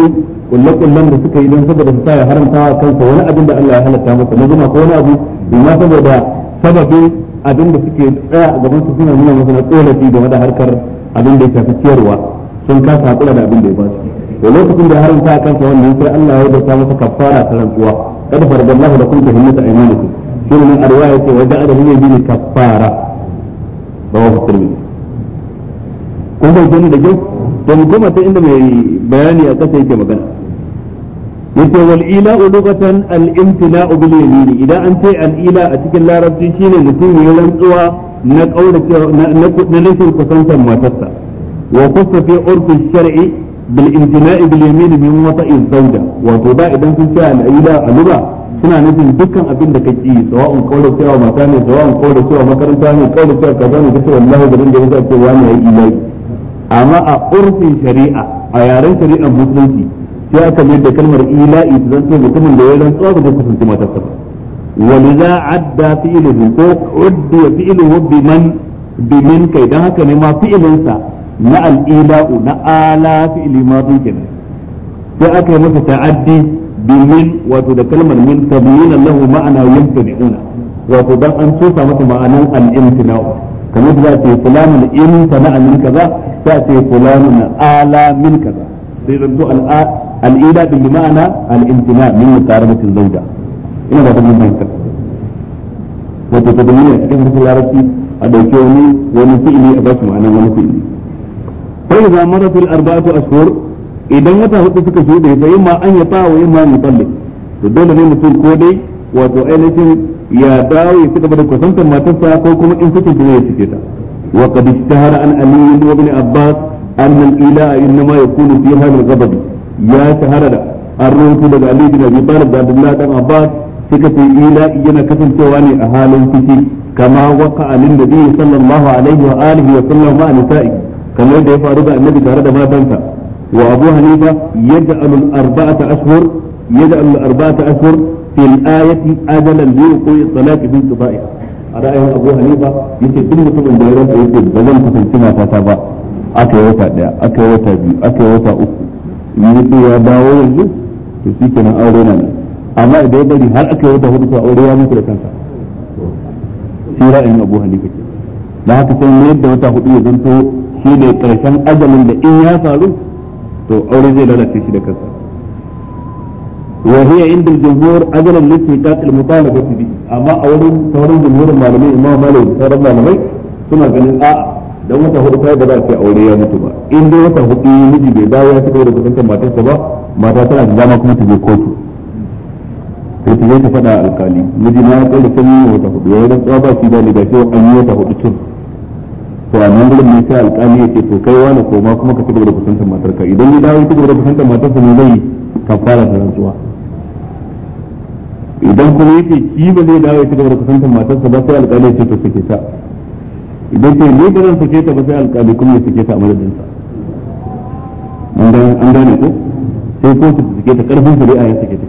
kullu kullun da suka yi don saboda su sa ya haramta kansa wani abin da Allah ya halatta masa na zuma ko wani abu amma saboda sababin abin da suke tsaya a gaban su suna nuna masa na korafi game da harkar abin da ya shafi ciyarwa sun kasa hakura da abin da ya ba su to lokacin da ya haramta kansa wannan sai Allah ya rubuta masa kafara ta rantsuwa kada faradallahu da kun ta himmata aymanikum shi ne arwaya yace wa ja'ala lillahi kafara rawahu tirmidhi kun bai gani da kyau to mu koma ta inda mai bayani a kasa yake magana yace wal ila lugatan al imtina'u bil yamin idan an ce al ila a cikin larabci shine mutum ya rantsuwa na kaurace na rashin kusantar matarsa wa kusa fi urfi shar'i bil imtina'i bil yamin min wata'i zawja wato ba idan sun ce al ila a lugha suna nufin dukkan abin da kake sawa'un kauracewa mata ne sawa'un kauracewa makaranta ne kauracewa kaza ne kace wallahi garin da yasa ce wani yayi ilahi amma a urfin shari'a a yaren shari'ar musulunci sai aka mai da kalmar ila'i ta zanto mutumin da ya rantsuwa ba zai kusanci matarsa ba ولذا عدى فعله ko عد فعله بمن بمن كي dan haka ne ma fi'ilinsa na al na ala fi'li madi kenan sai aka yi masa ta'addi bimin wato da kalmar min tabyina lahu ma'ana yamtani'una wato dan an tsosa masa ma'anan al kamar da ce fulanun imtana'a min kaza ta ce fulanun ala min kaza sai zanto al al'ida din ma'ana al'intina min muqaramatin zawja ina ba ta mun fahimta wato ta duniya cikin harshen larabci a dauke wani wani fi'ili a idan wata hudu suka da fa yamma an ya tawo yamma mutalli to dole ne mutum ko dai wato ainihin ya dawo ya cigaba da kusantar matarsa ko kuma in cikin da ya cike ta wa qad ishtahara an ali ibn abbas anna al ilaha inma yakunu fi hadha ghadab ya shahara da an rawaito daga Ali bin Abi Talib da Abdullah dan Abbas suka ce ila yana kasancewa ne a halin fushi kama waka waqa'a lin nabi sallallahu alaihi wa alihi wa sallam ma nisa'i kamar yadda ya faru da annabi tare da matansa wa Abu Hanifa yaj'alu al-arba'ata ashhur yaj'alu al-arba'ata ashhur في الآية أجلا لوقوع الصلاة في انقطاعها رأيه أبو حنيفة يتي كل mutumin da ya rasa yace ba zan kusanci matata ba aka yi wata daya aka yi wata biyu aka yi wata uku in ya ce ya dawo yanzu to shi nan aure na amma idan ya bari har aka yi wata hudu to aure ya mutu da kansa shi ra'ayin abu hanifa ke da haka sai ne yadda wata hudu ya zanto shi ne karshen ajalin da in ya faru to aure zai lalace shi da kansa وهي عند الجمهور أجل الاستحقاق المطالبة به أما أول ثورة جمهور المعلمين إمام مالك ثورة المعلمين ثم قال dan wata hudu kai ba za ka aure ya mutu ba in dai wata hudu miji bai dawo ya cika da kusantar matarsa ba mata tana da dama kuma ta je kotu sai ta je faɗa alkali miji na ya da sanin wata hudu yayin rantsuwa ba shi da liga cewa an yi wata hudu tun to a nan gurin mai sai alkali ya ce to kai wani koma kuma ka cika da kusantar matarka idan ya dawo ya cika da kusantar matarsa ne zai kafara da rantsuwa idan kuma yake shi ba zai dawo ya cika da kusantar matarsa ba sai alkali ya ce to suke ta idan ce ne ba zan sake ta ba sai alƙali kuma ya sake ta a madadin sa an gane ko sai ko su sake ta karfin shari'a ya sake ta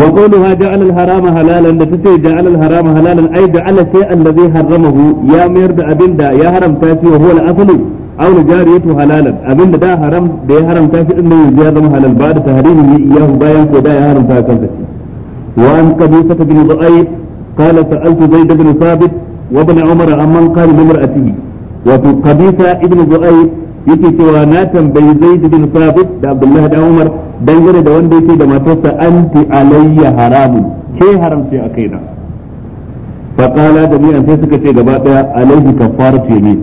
wa qawluha ja'ala al-harama halalan da tace ja'ala al-harama halalan ai ja'ala shay'an alladhi harramahu ya mayar da abin da ya haramta shi wa huwa al-aslu aw jariyatu halalan abin da da haram da ya haramta shi din ne ya zama halal ba da tahrimin iyahu bayan ko da ya haramta kansa shi وعن قبيصة بن ضعيف قال سألت زيد بن ثابت وابن عمر عن من قال بامرأته وفي قبيصة ابن زهير يكي سوانا تنبي زيد بن ثابت عبد الله بن عمر دنجر دوان بيتي دما توسى أنت علي حرام كي حرام في أكينا فقال دمي أن تسك في قباطة عليه كفارة يمين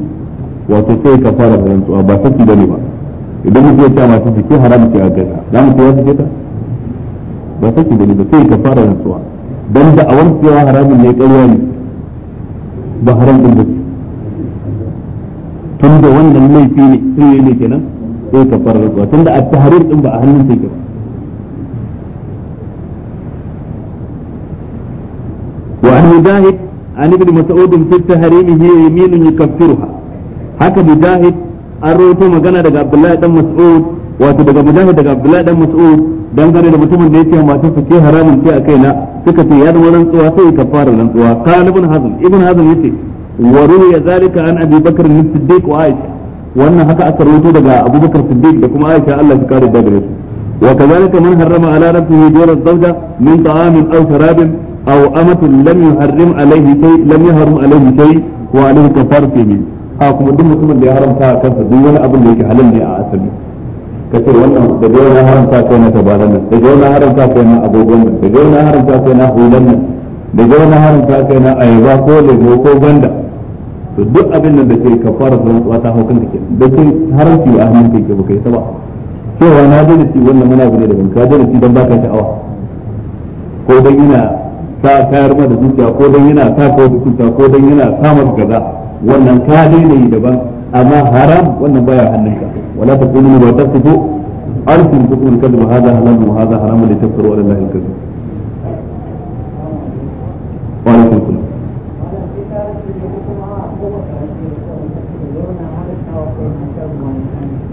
وتسوي كفارة من سؤال باسكي دني ما إذا مجيء تاما تسكي حرام في أكينا لا مجيء تسكي باسكي دني بسي كفارة من سؤال dan da awan cewa haramun ne ƙarya ne ba haram din bace tun da wannan laifi ne sai ne kenan sai ka fara ko tun da a tahrir din ba a hannun sai ka wa an mujahid an ibn mas'ud fi tahrimi hi yaminun yukaffiruha haka mujahid an rawaito magana daga abdullahi dan mas'ud wato daga mujahid daga abdullahi dan mas'ud dangane da mutumin da yake matar sa ke haramun ce a kaina suka ce ya zama rantsuwa sai ka kafara rantsuwa qala ibn hazm ibn hazm yace wa ruya zalika an abi bakr as-siddiq wa aisha wannan haka aka rawaito daga abubakar siddiq da kuma aisha Allah ya kare da gare su wa kazalika man harrama ala nafsihi dawra zawja min ta'amin aw sharabin aw amatin lam yuharrim alayhi shay lam yuharrim alayhi shay wa alayhi kafaratu ha kuma duk mutumin da ya haramta kansa duk wani abin da yake halal ne a asali ka ce wannan da dai na haramta kai na tabaran nan da dai na haramta kai na agogon nan da dai na haramta kai na hulan nan da dai na haramta kai na ayaba ko lebo ko ganda to duk abin nan da ke kafara zuwa wata hukunta ke da ke haramci a hannun kai ba kai ta ba cewa na da ci wannan muna bane da ban ka da ci dan baka sha'awa ko dan yana sa tayar ma da zuciya ko dan yana sa ko wata zuciya ko dan yana ta maka kaza wannan ka daina yi daban amma haram wannan baya hannunka wala taqulu wa taqifu arsul kutul kadhib hadha halal wa hadha haram li tafsiru ala allahi kadhib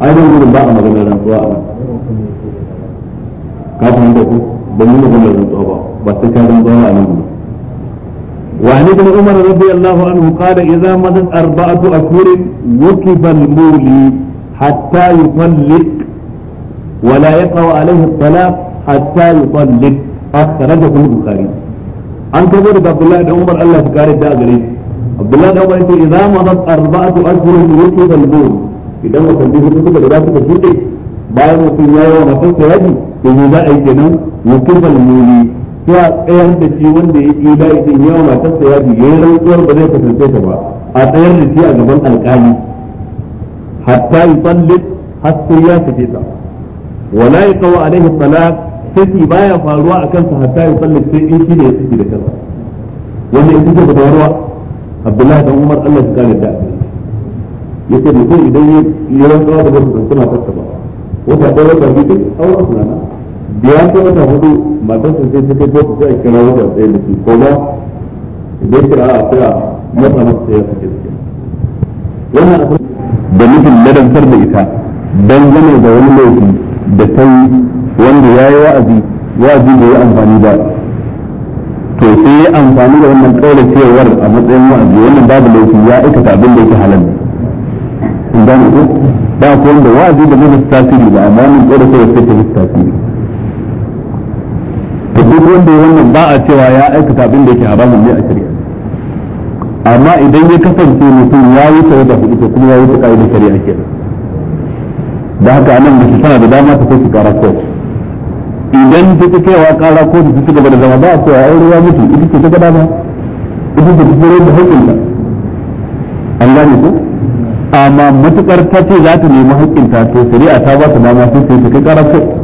ai dan gudun ba a magana rantsuwa a ka fahimta ko ban yi magana rantsuwa ba ba sai ka rantsuwa a nan gudun وعن ابن عمر رضي الله عنه قال إذا مضت أربعة أشهر وكف المولي حتى يطلق ولا يقع عليه الطلاق حتى يطلق أخرجه البخاري عن كبير عبد الله بن عمر الله تكاري الداغري عبد الله بن عمر يقول إذا مضت أربعة أشهر وكف المولي إذا ما كان بيجي كتب الراسي بسيطة bayan mutum ya yi wa matarsa yaji da za a yi kenan wakil malmuli a tsayar da shi wanda ya ke da idan yawa matarsa ya biye rantsuwar ba zai kasance ta ba a tsayar da shi a gaban alkali hatta yi tsallit har sai ya fice ta wala ya kawo alaihi talaq saki baya faruwa a kansa hatta yi tsallit sai in shi ne ya saki da kansa wanda ya fice ba faruwa abdullahi dan umar allah su kare da ya ce mutum idan yi rantsuwa ba zai kasance matarsa ba wata ɗaya wata biyu duk auren sunana biya ta wata hudu matarsa sai ta kai kotu sai a kira wata tsaye da su ko ba ya kira a kira matsa masa sai ya fice suke wannan akwai da nufin ladantar da ita zama da wani laifi da ta yi wanda ya yi wa'azi wa'azi da ya amfani ba to sai ya amfani da wannan kawai cewar a matsayin wa'azi wannan babu laifi ya aikata abin da yake halal ne in gane ba ko wanda wa'azi da mai tasiri ba amma wannan kawai cewar sai ta tasiri duk wanda ya wannan ba a cewa ya aikata abin da yake haramun ne a shari'a amma idan ya kasance mutum ya wuce wata kuɗi ta kuma ya ta ƙa'idar shari'a kenan da haka nan mace tana da dama ta kai ƙara kotu idan ta ta kaiwa ƙara kotu ta gaba da zama ba a cewa yi ruwa mutu ita ce ta gada ba ita ce ta fure da haƙƙinta an gane ko amma matukar ta ce za ta nemi haƙƙinta to shari'a ta ba ta dama sai ta kai ƙara kotu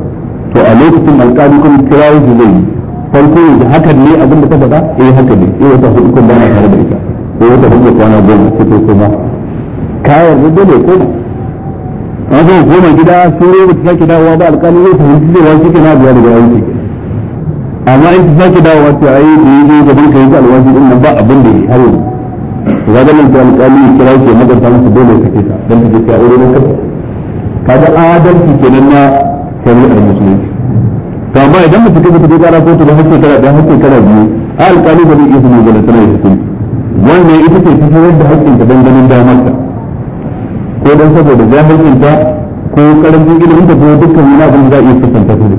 to a lokacin alƙali kuma kirawo shi zai yi. farko yanzu hakan ne abin da ta faɗa eh haka ne eh wata hudu kuma bana tare da ita ko wata hudu kwana goma ko to kuma ka yarda ne ko ba an zo goma gida suro ba ta sake dawowa ba alƙali zai fahimci zai wa shi na biya daga yanki amma in ta sake dawowa ta ayi da yi zai gaban ka yanzu alwashi din nan ba abin da ya har yanzu to ga ganin alƙali ya kira ke maganta masa dole ya sake ta don ta je ta aure na kafa kaga adalci kenan na shari'ar musulunci to amma idan mutum kaza kaje kara kotu da hakki kara da hakki kara biyu alƙali ba zai iya sanin da tana hukunci wannan ita ce ta sanar da hakkin ta ganin damar ka ko dan saboda jahilcin ta ko karancin ilimin ta ko dukkan wani abin za a iya kusanta su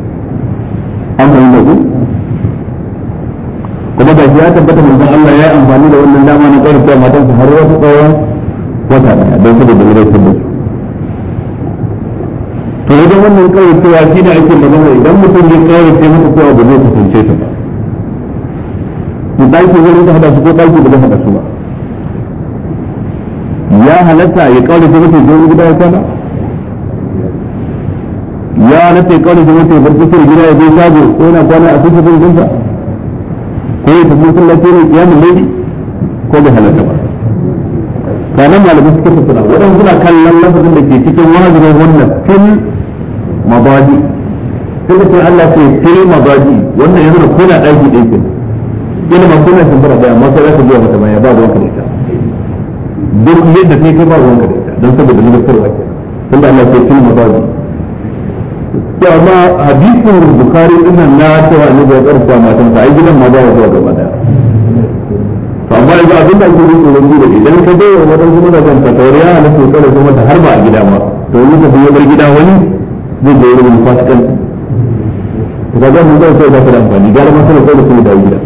an fahimta ku kuma ga ya tabbata manzon Allah ya yi amfani da wannan dama na ƙarfi matan su har wata tsawon wata ɗaya don saboda zai tabbata wajen wannan kawai cewa shi ne ake magana idan mutum ya kawai ce maka cewa ba zai kusance ta ba su ɗaki wurin da hada su ko ɗaki ba hada su ba ya halatta ya kawai ce mutum zuwa gida ya kwana ya halatta ya kawai ce mutum ya barci sai gida ya je shago ko yana kwana a cikin sa ko ya tafi sun lafiya ne kiyamun laifi ko bai halatta ba kanan malamai suka tattara waɗansu na kallon lafazin da ke cikin wani wannan fil mabaji sai ce Allah sai fil mabaji wannan yanzu ko na daki dai ke ina ma kuna tambara da amma sai ka biya mata ya ba ruwanka da ita duk yadda kai kai ba ruwanka da ita dan saboda nagartarwa ke tunda Allah sai fil mabaji to amma hadisin bukhari din nan na cewa ne da karfa matan ta ai gidan ma ba zuwa gaba da to amma yanzu abin da ake rubuta wani da idan ka bai wa wadansu mazajen ta tauriya na shekara kuma ta har ba a gida ma to wani ka biyo bar gida wani zai je wurin fasikan to ga mun zai sai ba su da amfani gara ma sai da su da gida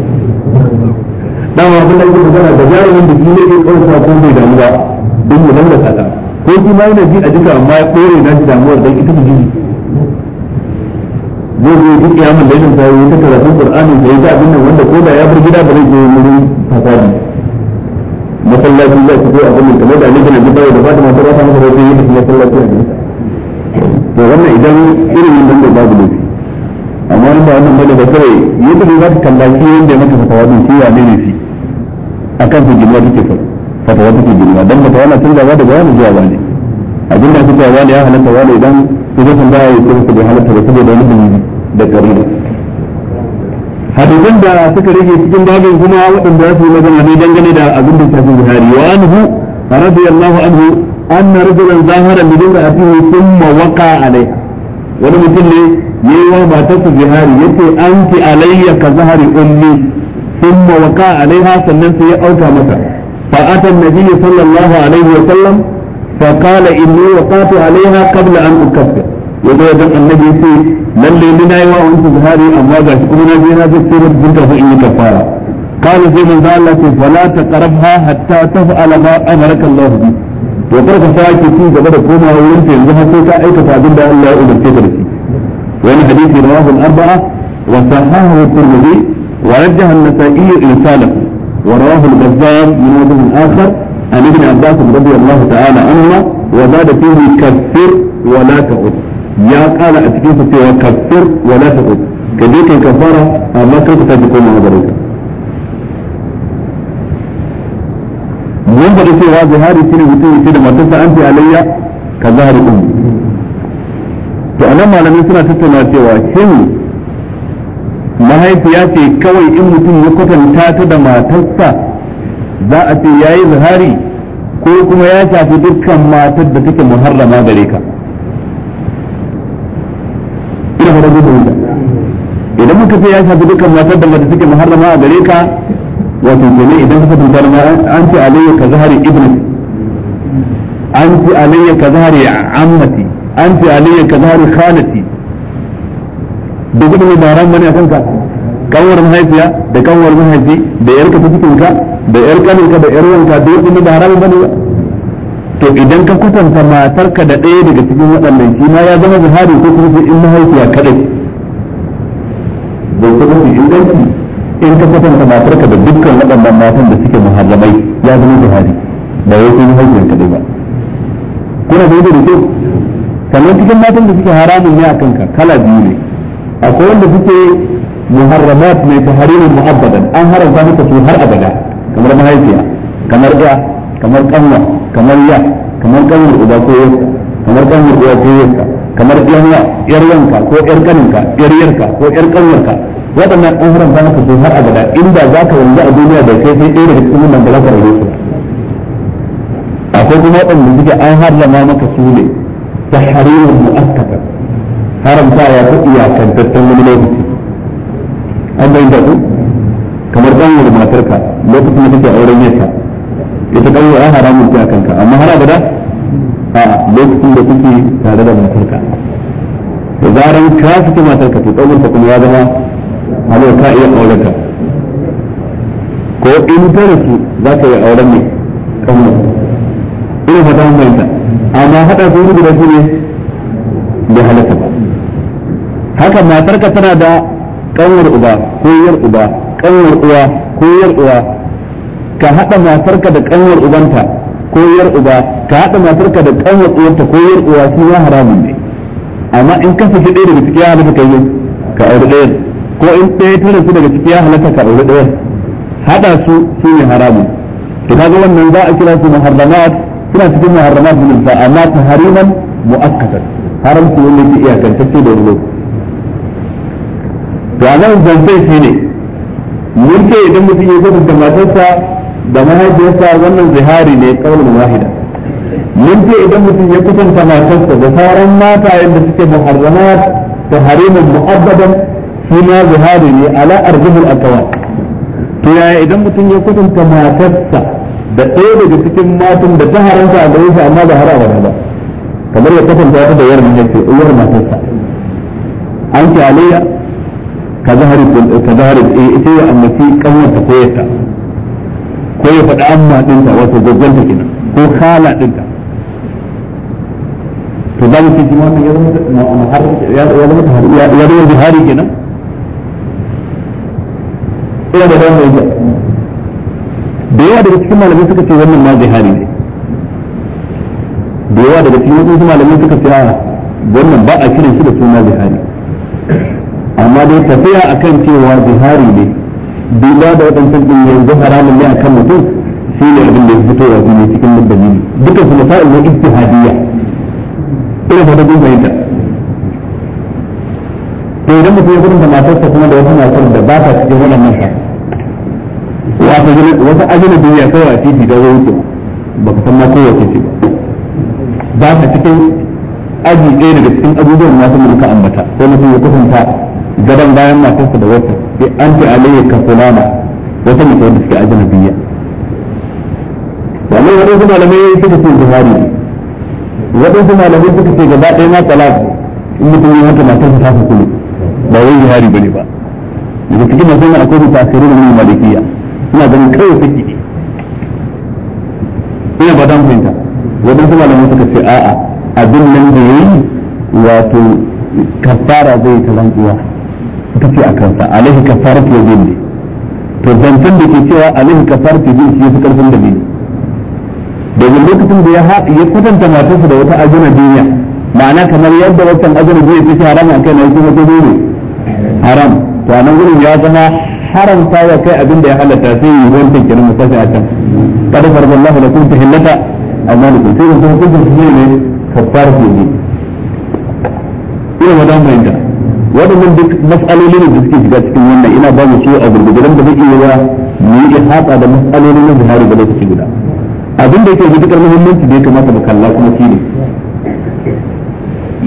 dan wa kun da yake magana da jarumin da kike yake kausa ko bai damu ba din mu dan da saka ko shi ma yana ji a jika amma ya kore na ji damuwar dan ita ji zai zo duk ya mun dai sai yi ta karatun qur'ani da ya ji abin nan wanda ko da ya bar gida ba zai je wurin fasadi masallaci zai fito abin da kamar da ne da gidawa da fatima ta rasa masa rai sai ya tafi masallaci a gida to wannan idan irin yin da babu laifi amma wanda wannan bada da kawai yadda ne za ka kallaki yadda ya maka fatawa din shi wane ne shi akan su girma take fatawa take girma dan fatawa na canzawa daga wani zuwa wani abin da suka wani ya halatta wani idan su zai san baya yake su bai halatta ba saboda wani dalili da karina hadisan da suka rage cikin babin kuma waɗanda za su yi magana ne dangane da abin da fi buhari wa anhu radiyallahu anhu أن رجلا ظاهرا بدون ثم وقع عليها wani mutum ne ya yi wa matarsa jihari ya ce an ki alayya ka zahari ummi sun mawaka alaiha sannan sai ya auka mata fa atan nabiyyi sallallahu alaihi wa sallam fa qala inni waqatu alaiha qabla an ukaffir yazo ya dan annabi ce lalle ni nayi wa wanki amma ga shi kuma na je na in yi kafara قال زي من قال لك فلا تقربها حتى تفعل ما امرك الله به to kar ka sake ci gaba da komawa wurin ta yanzu har sai ka aikata abin da Allah ya umarce ka da shi wani hadisi rawahu al-arba'a wa sahahu at-tirmidhi wa rajjaha an-nasa'i irsalahu wa rawahu al-bazzar min wajh akhar an ibn abbas radiyallahu ta'ala anhu wa zada fihi kaffir wa la ta'ud ya kala a cikin sa cewa kaffir wa la ta'ud ka je kai kafara amma kai ka sake komawa garin ka mun da cewa zahari shine mutum yake da matarsa an fi alayya ka zahari ɗin to anan malamai suna tattauna cewa shin mahaifiya ce kawai in mutum ya kwatanta ta da matarsa za a ce yayi zahari ko kuma ya shafi dukkan matar da take muharrama gare ka ina fara gudu idan muka ce ya shafi dukkan matar da mata take muharrama a gare ka wato kenan idan ka tunta ma an fi alayya ka zahari ibnati an fi alayya ka zahari ammati an fi alayya ka zahari khalati da gudun da ran bane akan ka kanwar mahaifiya da kanwar mahaifi da yarka ta cikin ka da yar kaninka da yar wanka da yadda da haram bane to idan ka kusanta matarka da ɗaya daga cikin waɗannan shi ma ya zama zahari ko kuma in mahaifiya kadai bai kuma inganci in ka kwatanta matarka da dukkan waɗannan matan da suke muharramai ya zama jihadi ba wai kun hajjiyar kaɗai ba kuna da da kyau sannan cikin matan da suke haramun ne a kanka kala biyu ne akwai wanda suke muharramat mai taharimin mu'abbadan an haramta muka su har abada kamar mahaifiya kamar ya kamar kanwa kamar ya kamar kanwar uba ko yarka kamar kanwar uwa ko yarka kamar yan yaryanka ko yar kaninka yar yarka ko yar kanwarka waɗannan umuran ba su har a gada inda za ka wanzu a duniya da kai sai ɗaya daga cikin wannan da za ka rage su akwai kuma waɗanda suke an harlama maka su ne ta haririn mu'akkata haramtawa ta iyakantattun wani lokaci an bai da kamar ɗanwar matarka lokacin da take auren yarka ita ɗan wani haramun ta kanka amma har da a lokacin da kuke tare da matarka da zaran ka fita matarka to ɗaukar ta kuma ya zama halau ka iya aurata ko in ta rasu za ka yi auren ne kanwa ina fata hanyarta amma haɗa su wani guda ne da halitta ba haka matarka tana da kanwar uba ko yar uba kanwar uwa ko yar uwa ka haɗa matarka da kanwar ubanta ko yar uba ka haɗa matarka da kanwar uwanta ko yar uwa shi ya haramun ne amma in ka fi ɗaya daga cikin ya halatta kai ka aure ɗayan ko in ɗaya tare su daga ciki ya halaka ka aure ɗaya hada su su ne haramu to kaga wannan za a kira su muharramat suna cikin muharramat min fa amma ta hariman muakkatan haram haramci wanda ke iyakantacce da wani to anan zance shi ne mun ce idan mutum ya gudun da matarsa da mahaifiyarsa wannan zihari ne kawai wahida mun ce idan mutum ya kusanta matarsa da sauran mata yadda suke muharramat ta tahriman mu'abbadan shi ma zuhari ne ala arzihul akawa to yaya idan mutum ya kusanta matarsa da ɗaya daga cikin matan da ta haramta a gare shi amma ba har abada ba kamar ya kusanta ta da yar yake uwar matarsa an ce aliya ka zahari ka zahari eh, ita ya ammaci kanwarta ta yata ko ya faɗa amma ɗinta wato gwaggwanta kenan ko kala ɗinta to za mu ce shi ya zama ya zama ya zama jihari kenan sai da zama yi da yawa daga cikin malamai suka ce wannan ma jihari ne da yawa daga cikin wasu malamai suka ce wannan ba a kiran shi da suna jihari amma dai tafiya akan cewa jihari ne duba da waɗancan ɗin yanzu haramun ne a kan mutum shi ne abin da ya fito wa ne cikin nan dalili dukkan su masa'il na ijtihadiyya ina fata kun fahimta to idan mutum ya gudun da matarsa kuma da wasu matar da ba ta cikin waɗannan shafi wata wata ajina duniya kawai a titi da wuce ba ka san ma kowace ce ba ba ka cikin aji ɗaya daga cikin abubuwan masu mulka ambata ko mutum ya kusanta gaban bayan matarsa da wata sai an ce alayya ka fulana wata mace wanda suke ajina duniya wannan waɗansu malamai suka ce jihari waɗansu malamai suka ce gaba ɗaya na talaka in mutum ya wata matarsa ta fi ba wai jihari ba ne ba daga cikin masu yana akwai mutasirin mai malikiya ina ganin kawai saki ne ina ba dan fahimta wadansu malamai suka ce a'a abin nan da yayi wato kafara zai ta rantsuwa ta ce a kansa alaihi kafaratu yadin ne to zancen da ke cewa alaihi kafaratu yadin shi fi karfin da ne domin lokacin da ya kwatanta matarsa da wata ajina duniya ma'ana kamar yadda wancan ajina duniya take haram a kai na yi kuma ta ne haram to a nan gurin ya zama haramta wa kai abin da ya halatta sai yi wancan kenan musafi a can kada farko Allah da kun tahillata a da kun sai kun hukuncin shi ne kafar su ne ina wadan mai da waɗannan duk mas'alolin da suke shiga cikin wannan ina ba mu su a gurgurdan da zai iya mu yi ihata da mas'alolin na Buhari da lokaci guda abin da yake matukar muhimmanci da ya kamata mu kalla kuma shi ne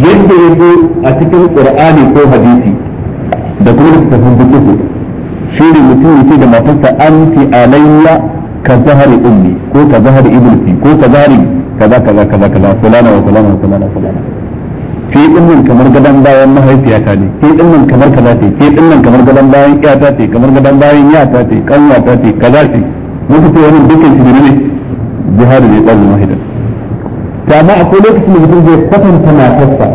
yadda ya zo a cikin qur'ani ko hadisi da kuma littafin fiqh shi ne mutum ya ce da matarsa fi alayya ka zahari ummi ko ka zahari ibulfi ko ka zahari kaza kaza kaza kaza sulana wa sulana wa sulana. fulana ke dinnan kamar gadan bayan mahaifiyata ne ke dinnan kamar kaza ce ke dinnan kamar gadan bayan iyata ce kamar gadan bayan yata ce kanwata ce kaza ce muka ce wannan dukkan shi ne jihar ne ɗan mahaifa ta amma akwai lokacin da mutum zai kwatanta matarsa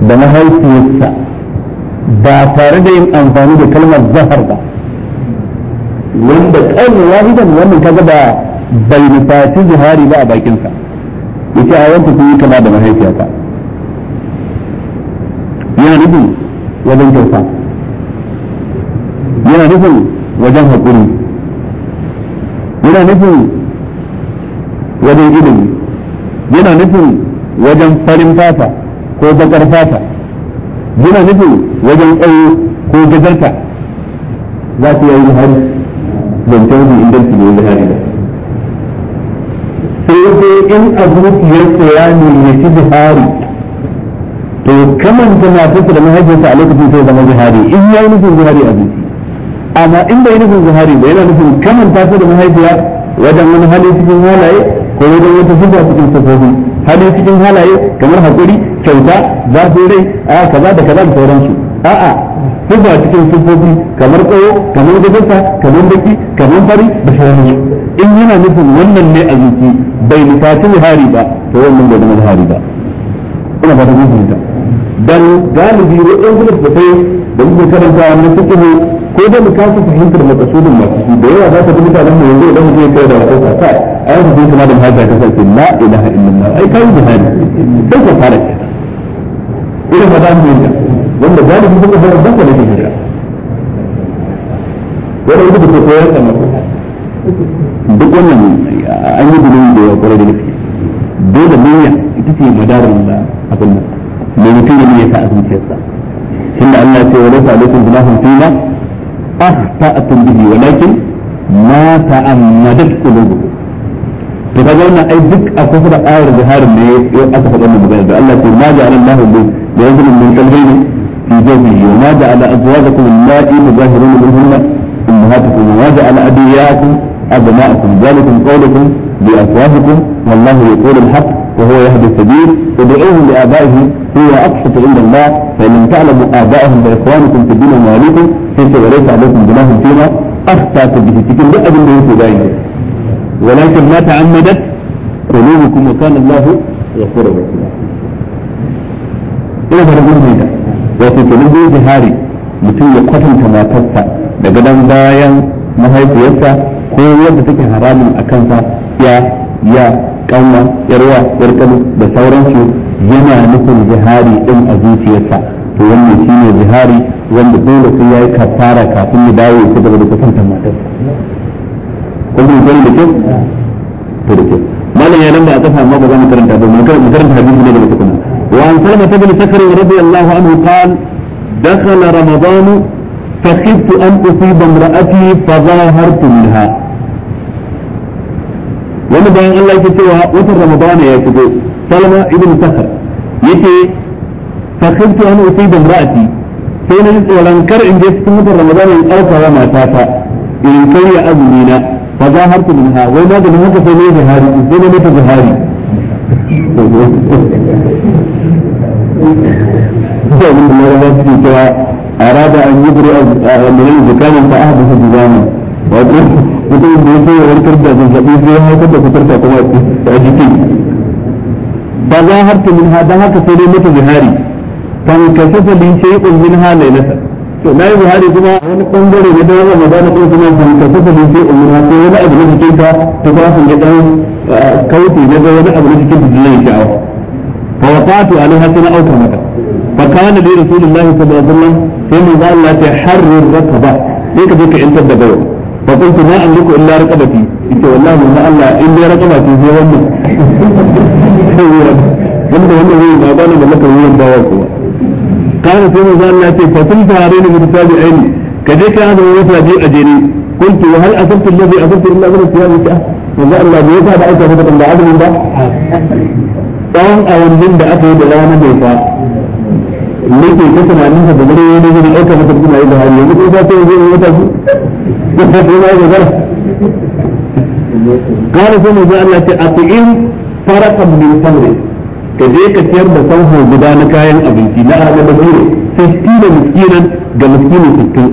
da mahaifiyarsa ba tare da yin amfani da kalmar zahar ba wanda ƙarni wahidan wannan kaga ba bai nufaci zuhari ba a bakinsa yace a wanda kun yi kama da mahaifiyata yana nufin wajen kyauta yana nufin wajen haƙuri yana nufin wajen ilimi yana nufin wajen farin fata ko bakar fata yana nufin wajen tsaye ko gajarta za su yi hari don canji inganci ne wani hari ba sai dai in abokiyar tsaya ne ya ci bihari to kaman da matarsa da mahaifiyarsa a lokacin sai zama bihari in ya yi nufin bihari a zuci amma in bai nufin bihari ba yana nufin kaman ta da mahaifiya wajen wani hali cikin halaye ko wajen wata hujja cikin safofi hali cikin halaye kamar hakuri kyauta zafin rai a kaza da kaza da sauransu a'a ba cikin sufofi kamar tsawo kamar gajarta kamar baki kamar fari da sauransu in yana nufin wannan ne a zuci bai nufaci hari ba to wannan bai zama hari ba ina fata mun fahimta dan galibi wa'in gudu da sai da muke karanta wannan fikihu ko dai mu fahimtar makasudin masu shi da yawa za ka mutanen mu yanzu idan mutum ya kai da wata kasa a yanzu da hajja la ilaha illallah ai kai jihadi sai ka fara ma wanda galibi kuma da ka nake wanda yake da koyar da duk wannan an yi bilin da ya da gaske dole ita ce madarin da ya Allah ya ce wa laysa fima أخطأتم به ولكن ما تأمدت قلوبكم to kaga wannan ai duk a kusa da ayar jihar ne ya aka faɗa wannan magana da Allah ce ma ja'ala Allahu bi da yanzu min kalbayn fi jawfihi wa ma ja'ala azwajakum allati tuzahiruna minhunna ummahatukum wa ja'ala adiyakum abna'akum zalikum qawlukum bi afwahikum wallahu yaqulu al-haqq وهو يهدي السبيل ادعوهم لآبائهم هو أقسط عند الله فإن لم تعلموا آبائهم فإخوانكم في الدين ومواليكم sai ce walai ta alaikum gunahun fima afta ta bihi cikin duk abin da yake bayan gida walakin ma ta'ammadat qulubukum wa kana Allahu ghafurur rahim ina da gurbin da wato kenan zai jihari mutum ya kwatanta matarsa da gadon bayan mahaifiyarsa ko yadda take haramun a kansa ya ya kanwa yarwa yarkanu da sauransu yana nufin jihari din a zuciyarsa to wannan shine jihari wanda dole sai ya yi kafara kafin ya dawo ya gaba da kusantar matar kun yi da kyau to da kyau malam ya nan ba a kasa amma ba za mu karanta ba mu karanta hadisi ne da mutum wa an salama bin sakar radiyallahu anhu qala dakhala ramadanu فخفت أن أصيب امرأتي فظاهرت منها wani bayan Allah yake cewa watan Ramadan ya shigo Salma ibn Sakar yake fakhimtu an usiba sai na ji tsoron kar in je cikin watan ramadan in ɗaukawa matata in karya azumi na fa za har ku minha wai na gani haka sai ne yi zahari sai na mata zahari sai abin da mara zafi ke cewa arada an yi buri a ramadan zakanin fa ahadu su bizani wato mutum da ya sai ya warkar da zazzaɓi sai ya haifar da fitarta kuma a jikin fa za har ku minha don haka sai ne mata zahari kan kashafa li shay'un min halaynata to nayi buhari kuma wani bangare ne da magana ko kuma kan kashafa li shay'un min halaynata wani abu na cikin ta ba kafin ya dan kawai na ga wani abu da cikin ta zai sha'awa fa waqatu alaiha kana auka mata fa kana li rasulillahi sallallahu alaihi wasallam sai mun ga Allah ta harrir rakaba sai ka je ka intar da bayo fa qultu ma amliku illa raqabati ita wallahi mun Allah in dai raqabati (laughs) sai wannan wanda wannan zai ba da maka wuyan bawa kuma قال في مزال لا تي فصم فارين متتابعين كذلك هذا وفى بي أجري قلت وهل أصبت الذي أصبت إلا من الصيام وقال الله بيوتا بعد فترة بعد من بعد من awannin da aka yi da rana mai fa ne ke ta tunanin sa da gare ne zai ɗauka masa kuma yi da hali yanzu ko ta ce zai yi قال في مزال الله أطعم فرقا من تمر ka je ka siyar da sanho guda na kayan abinci na arabe da biyu fiskina miskinan ga miskinin sittin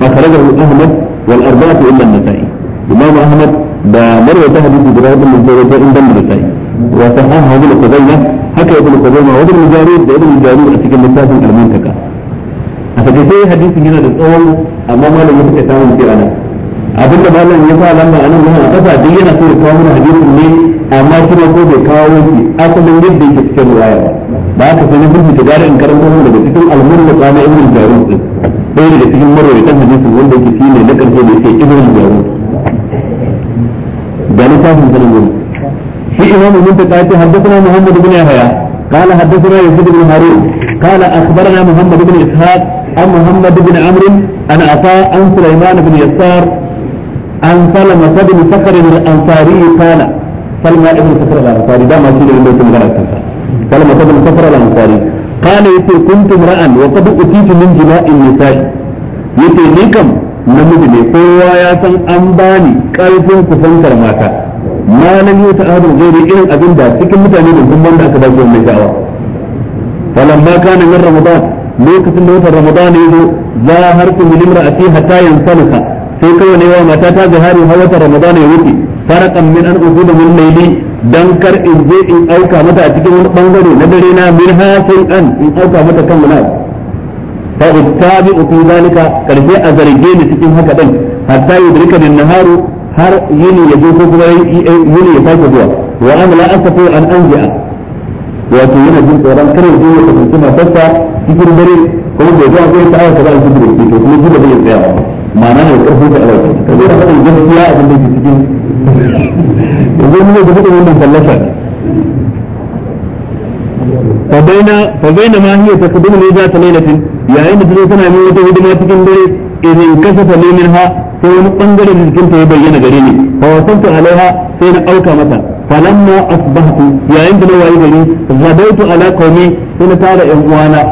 a karagar ahmad wal arba'atu illa an-nasa'i imam ahmad da marwa ta hadisi guda da mun zo da inda an-nasa'i wa sahaha ibn qudayya haka ibn qudayya wa ibn jarir da ibn jarir a cikin littafin al-muntaka a takaice hadisin yana da tsawon amma malam ya fita samun fi anan abinda malam ya fa lamba anan wannan a kasa duk yana so ya kawo mana hadisin ne amma kuma ko bai kawo shi asalin yadda yake cikin ruwaya ba ba haka sai na fahimta gare in karanta mu daga cikin almurna kana ibn jarud din ɗaya daga cikin marwaitan hadisi wanda yake ne na karshe da yake ibn jarud da ni tafin sanin gudu shi imamu mun ta kace haddathana muhammad ibn yahya قال حدثنا يزيد بن هارون قال اخبرنا محمد بن اسحاق عن محمد بن عمرو عن عطاء عن سليمان بن يسار عن سلمة بن سكر الانصاري قال سلمى ابن كفر الأنصاري ده ما في له بيت مجرد سلمى ابن كفر الأنصاري قال يتي كنت امرأ وقد أتيت من جماء النساء يتي نيكم namiji ne kowa ya san an bani karfin kusantar mata malam ya ta adon zai irin abinda da cikin mutane da gumban da aka ba wannan da'awa falamma kana min ramadan lokacin da wata ramadan ya zo za har ku min imra'ati hatta sai kawai ne wa mata ta zahari har ramadan ya wuce farakan min an uku da mulmaili dan kar in je in auka mata a cikin wani bangare na dare na min hasin an in auka mata kan wani fa uttabi uku zalika karfe a zarge ni cikin haka din hatta yudrika min naharu har yini ya je ko kuma yini ya sake zuwa wa ana la asafu an anji'a wato yana jin tsoron kar ya je ya matarsa cikin dare kuma bai zuwa zai ta a cikin kuma bai tsaya ma'ana ne karfin da alaƙa ka zai rafa da gaskiya abin da ke cikin yanzu mun yi gudu wannan fallasa fabaina fabaina ma hiya ta ne za ta lailatin yayin da duniya tana yin wata hidima cikin dare idan kasa ta lemin ha sai wani bangare da jikinta ya bayyana gare ni fa wasan ta alaiha sai na auka mata falamma asbahtu yayin da na wayi gari zadaitu ala qaumi sai na tara yan uwana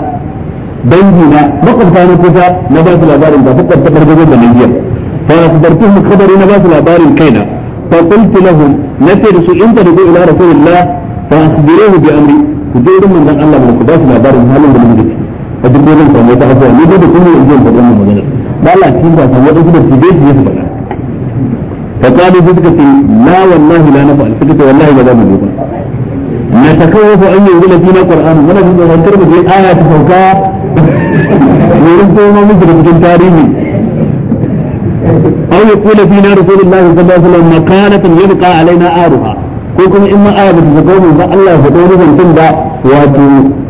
بيننا بقد كانت تجا نبات الأبار إذا فقد تقر جزء من الجيا فأخبرتهم خبر نبات الأبار كينا فقلت لهم نترس انت تردو إلى رسول الله فأخبروه بأمري فجير من ذلك الله من قداس الأبار هل من الجيا أجل بيضا فهم يتحفوا أن يجب كل يجب أن يجب أن لا لا كيف أصلا يجب أن يجب أن يجب فقال جدك لا والله لا نفعل فقلت والله ماذا من يقول نتكوف أن يقول فينا قرآن ونحن نترمي آية فوقات wurin kuma musu da cikin tarihi aw yaqulu fi na rasulullahi sallallahu alaihi wasallam makanatan yabqa alaina aruha ko kuma in ma aya bata zago mun ba Allah ya zago mun tun da wato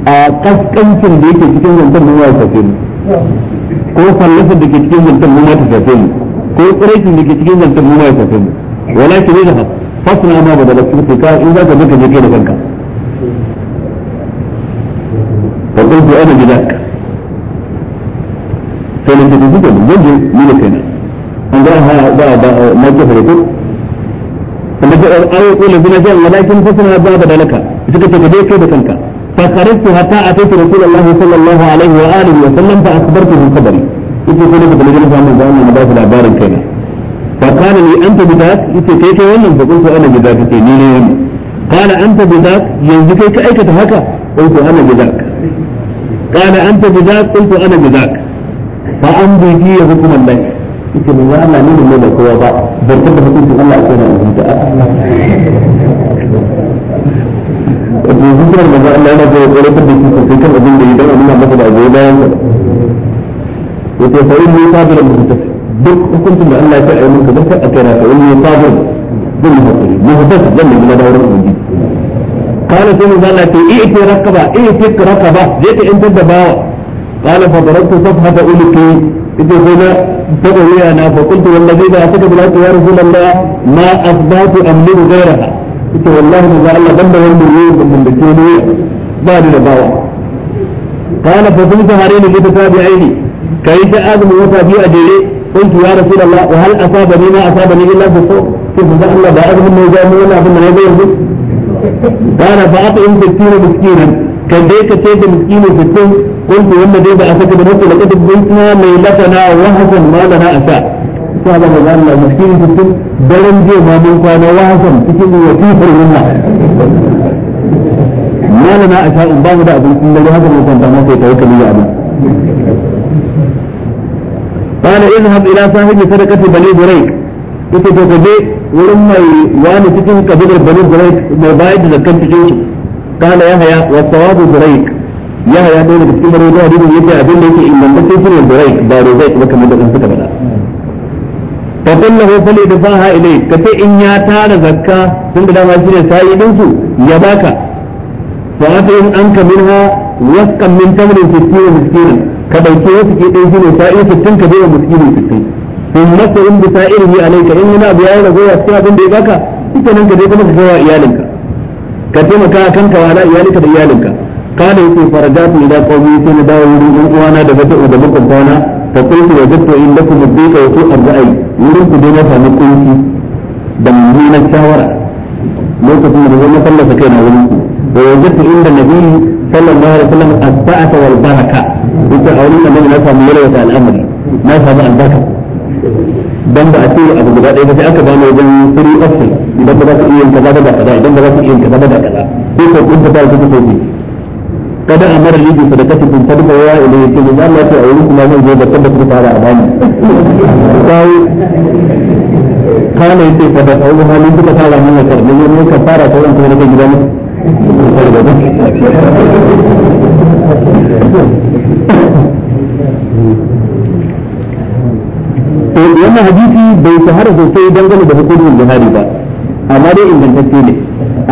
a kaskancin da yake cikin zantar mun ya tafi mu ko fallafin da ke cikin zantar mun ya tafi mu ko tsiraitin da ke cikin zantar mun ya tafi mu walakin ne da fasna ma ba da cikin ka in za ka je ka je da kanka fa kuntu ana bidaka to ne da duka yake ni ne kenan an ga ha ba ba na kafare ko kuma da ayi ko labina jan walakin fasana حتى اتيت رسول الله صلى الله عليه واله وسلم فقال لي أنت ولم فقلت أنا قال أنت ينزكيك أيك تهكا قلت أنا قال أنت بذاك قلت أنا بذاك fa an bai bi ya kuma Allah yake mun Allah ne mun da kowa ba ta tabbata hukuncin Allah a cikin hukunta wato hukumar da Allah yana da kokarin da shi sosai kan abin da idan Allah masa da goyi bayan sa wato fa ta yi sabira mutunta duk hukuncin da Allah ya sa a yi mun kaza a kai na fa in ta sabira zan yi hakuri mutunta zan yi gida da wurin kana sai mun zalla ta iya ce rakaba iya ce rakaba zai ta in da bawa قال فضربت صفحة أولك إذا هنا تبوي أنا فقلت والذي لا أتك بالحق يا رسول الله ما أثبات أملك غيرها قلت والله ما قال الله بند والمليون من بكيني بعد نباوة قال فصمت هارين متتابعين كيف آدم وتابع أجلي قلت يا رسول الله وهل أصابني ما أصابني إلا في بالصوت كيف الله بأذن موجود ولا أظن هذا قال فأطعم ستين بكينا tambaye ka sai da miskinu sittin kuntu wanda dai da asaka da mutu laqad kunna laylatana wa hasan ma lana asa sai ba ga Allah miskinu sittin daren je ma mun kwana wa cikin wasifar wannan ma asa in ba mu da abin kun da hasan mun kwanta ma sai tawakkali ga abin قال اذهب الى صاحب سرقه بني بريك كنت تتجه ولما وانا تكن قبيله بني بريك ما بايد ذكرت جوتك قال يحيى والصواب بريك يحيى دون بسكين بريد حديث يجي أبين ليك إن لم تكن بريك بارو زيك وكما دقن سكبرا فقل له فليدفعها إليك كتي إن ياتان زكاة ثم لا ما يصير سائلنس يباك فأتهم أنك منها وفقا من تمر ستين مسكينا كبيتي وفقي إنسان سائل ستين كبير مسكين ستين ثم نسى إن بسائله عليك إن من أبيائنا هو أسكنا بن بيباك ita nan ka je kuma ka kawo iyalinka ka taimaka kan ka wala iyalika da iyalinka kada yake sai na dawo wurin ɗan uwana da bata da wurin ku dai na samu da mummunan shawara lokacin da zama kai na wurin ku wa inda sallallahu alaihi wasallam wal baraka a wurin annabi na samu al'amari na samu dan ba a ce abu guda ɗaya ba sai aka bani wajen three options idan ba za iya yin kaza ba da kaza idan ba za iya yin kaza ba da kaza ko ko kun ne kada amara liji sadakati kun tabbata wa ila yake ne Allah ta aure kuma zan zo da tabbata ku fara abani sai kana yake kada aure halin kuka fara mun ka karbi ne ka fara ta ran kuma da gida ne eh, wannan hadisi bai shahara sosai dangane da hukumin jihari ba amma dai ingantacce ne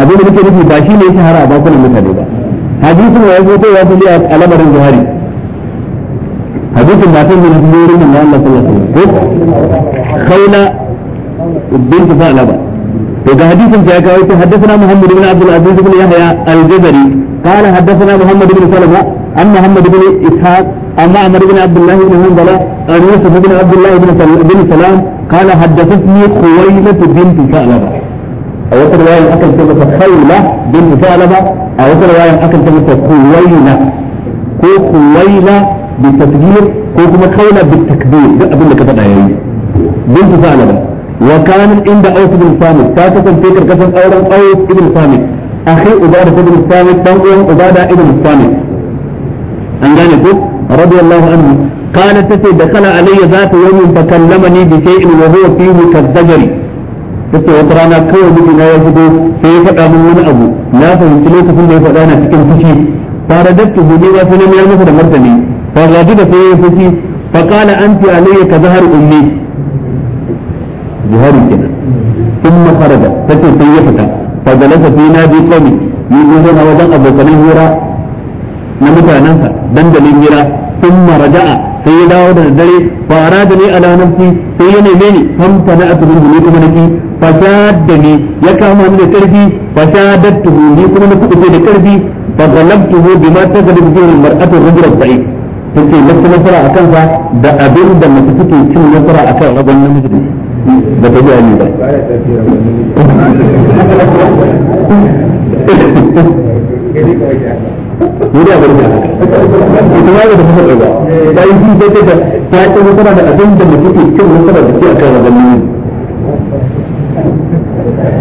abin da muke nufi ba shi ne yake hara a bakunan mutane ba hadisin ya zo kai ya fi a lamarin buhari hadisin matan da nufi wurin nan Allah sallallahu alaihi wasallam khayla bint sa'laba to ga hadisin da ya kawo ta haddathana muhammad ibn abdul aziz ibn yahya al-jabari قال حدثنا محمد بن سلمة عن محمد بن إسحاق عن معمر بن عبد الله بن هنزلة عن يوسف بن عبد الله بن سلام قال حدثتني خويلة بنت ثعلبة أو رواية الحكم كلمة خيلة ثعلبة أو رواية الحكم كلمة خويلة كو خويلة بالتسجيل كو كما خيلة بالتكبير ده أقول لك فدعي يعني. ثعلبة وكانت عند أوس بن ثابت ساتة تلك الكسر أولا أوس بن ثابت أخي أبادة بن ثابت تنقل أبادة بن ثابت أن ذلك رضي الله عنه قالت تسي دخل علي ذات يوم فكلمني بشيء وهو فيه كالزجري take wata rana kawai miji na ya shigo sai ya faɗa min wani abu na fahimci lokacin da ya faɗa na cikin fushi fara dattu hudu ba sai na mayar masa da martani fa gaji da sai ya fushi fa qala anti alayya ka zahar ummi zuhari kenan thumma faraja take sai ya fita fa galasa fi nadi qawmi ni ko zana wajen abokan hira na mutanensa dandalin hira thumma raja'a sai ya dawo da dare fa arada ni ala nafsi sai ya neme ni famta na atu min kuma nake فشادني يكام من كربي فشادته لي كما نكتب في كربي فغلبته بما تغلب به المرأة الرجل الضعيف take lafi nasara a kansa da abin da mace take cin nasara a rabon namiji ba ta ji ba Yuri a barja haka. Ita ma da ta fasa ba. yi shi da ta ta ci da abin da mace take cin da ke a kan rabon namiji.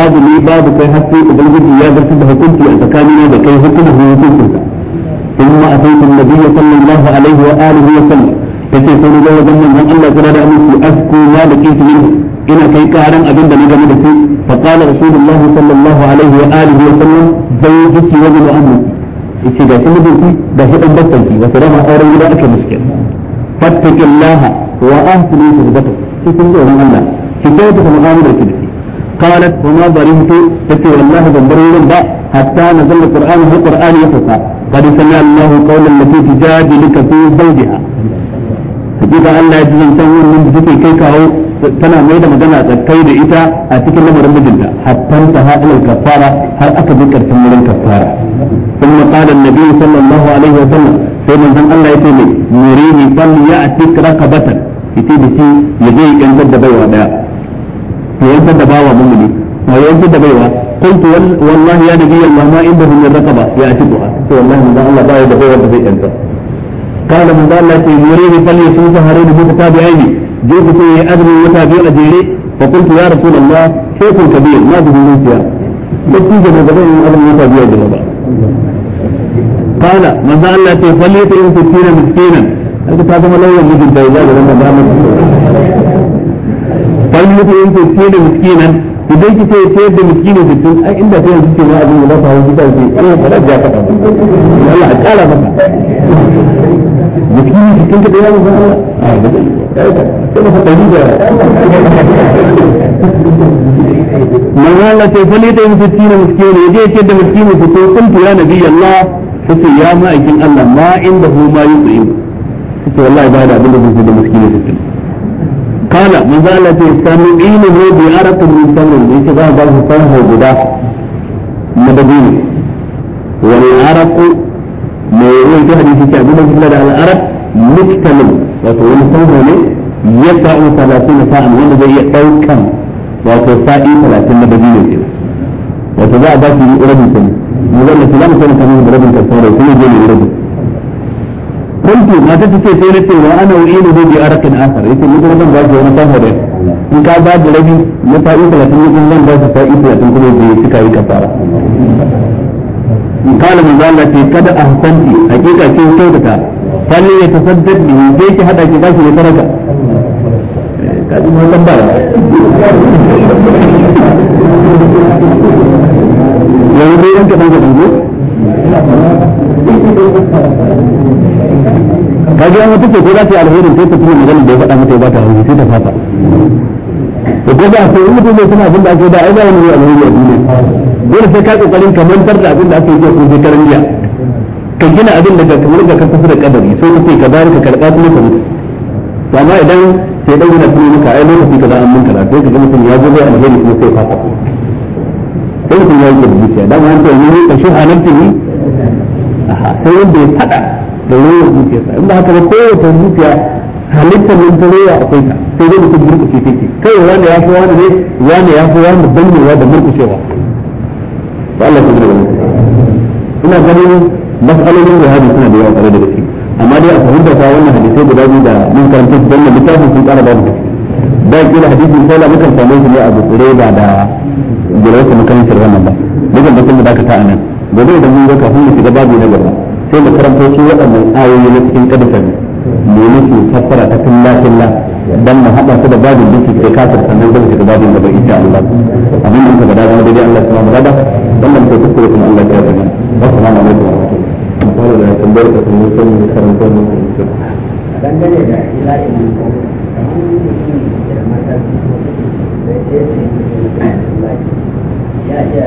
babu ni babu kai har sai ubangiji ya zartar da hukunci a tsakanina da kai har hukumin hukuncin ka ثم أتيت sallallahu alaihi الله عليه وآله وسلم take sai na wajen manzon Allah kira da aminci asku ma da kinsu ne ina kai karan abin da na game da su fa qala rasulullahi sallallahu alaihi wa alihi wa sallam bai yake wajen amri yace ga kin mutunci da shi dan bakkan ki wato rama auren gida ake muske fattaqillaha wa ahsinu ibadatu cikin tsoron Allah ki kai ta mu'amalar ki da shi قالت وما ظلمت قلت والله بمبرر با حتى نزل القرآن هو القرآن يفقى قد سمع الله قول التي تجادلك في زوجها حقيقة الله يجب أن تنور من بسكي كيكا هو tana mai da magana da kai da ita a cikin lamarin mijinta hatta ta haɗa kafara har aka bi karshen wurin kafara ثم قال النبي صلى الله عليه وسلم سيدنا من الله يقول مريني فليأتك رقبة يتي بشي يجي ينزل دبي وداء ya yantar da bawa mumini wa ya yantar da baiwa kuntu wallahi ya nabi Allah ma inda hum raqaba ya atibuha to wallahi manzo Allah ba ya da baiwa da zai yanta kana manzo Allah ce yuridu falyasufa harina bi tabi'aini je ku ce azumi wata biyu a jere fa kuntu ya rasulullah shaykhun kabir ma bi dunya dukkan da gaba in azumi wata biyu ta jere ba قال من ذا الله تفليت إن تكين مسكينا أنت هذا ما لا يوجد الجوزاء لما دامت mutum yake ce da miskinan idan kike ce da miskinin sittin ai inda sai yanzu ke na abin da ba hawo kika ce eh ba za ka faɗa Allah a ƙara maka miskinin sittin ka da yawo ba من قال لك فليتهم ستين مسكين يجي يشد مسكين ستين قلت يا نبي الله قلت يا ما الله ما عنده ما يطعم قلت والله بعد عبد الله مسكين ستين قال مزالة ذا الذي سنعينه بعرق من تمر يجي ذا ذا فرح بدا مدبين والعرق ما يروي في حديث كعب بن عبد العرق مكتمل وتقول فرح لي يسع ثلاثين ساعة وانا ذا يحتوي كم وتسائي ثلاثين مدينة كده وتباع ذات من قرب سنة مظلة لا مثلا كمين قرب سنة وكل جيل قرب kuntu mata ta ce sai na ce wa ana wuri ne bi arakin asar yace ni kuma zan ba shi wani safa da in ka ba da rabi na sa'i 30 ni zan ba kuma yi قال من قال لك قد أحسنت حقيقة كيف كيفك فليتصدق به كيف حتى كيف يترك kaji ma san bara yanzu dai yanka ɗan ga ka ga wata ce ko za ta yi alherin sai ta tuna maganar da ya faɗa mata ya bata ta hauri sai ta fata to ko da sai mutum zai tuna abin da ake da ai ba wani alheri a duniya dole sai ka kokarin ka mantar da abin da aka yi jiya ko shekaran jiya ka gina abin da kamar da ka tafi da kadari sai ka ce ka bari ka karɓa kuma ka mutu to amma idan sai dan yana tuni maka ai lokaci za a mun kaza sai ka ga mutum ya gobe alheri kuma sai fata sai mutum ya yi da zuciya dama an ce ni ka shi halantin ni sai wanda ya fada da royar zuciyarsa inda haka ba kowace zuciya halittar nan ta roya akwai ta sai zai mutum murƙushe take kai wanda ya fi wani ne wanda ya fi wani dannewa da murƙushewa ba Allah ta gina ina ganin mas'alolin da hadisi suna da yawa tare da gaske amma dai a fahimta ta wannan hadisai guda biyu da mun karanta su dan littafin sun ƙara babu da kila hadisin sai la mukan same shi ne a bukure ba da gurar su makarantar wannan ba mukan da sun ka a nan gobe da mun ga kafin mu shiga babu na gaba sai mu karanta su waɗannan ayoyi na cikin kadasar ne nufi fassara ta killa killa dan mu haɗa su da babin da ke kafir sannan zai shiga babin gaba insha Allah abin da muka ga dama dai Allah ya samu ta'ala wannan ko kuka kuma Allah ya tsare assalamu alaikum wa rahmatullahi wa barakatuh da tambayar ka kuma sai mu karanta mu da ko kamar da mata su ko ya ya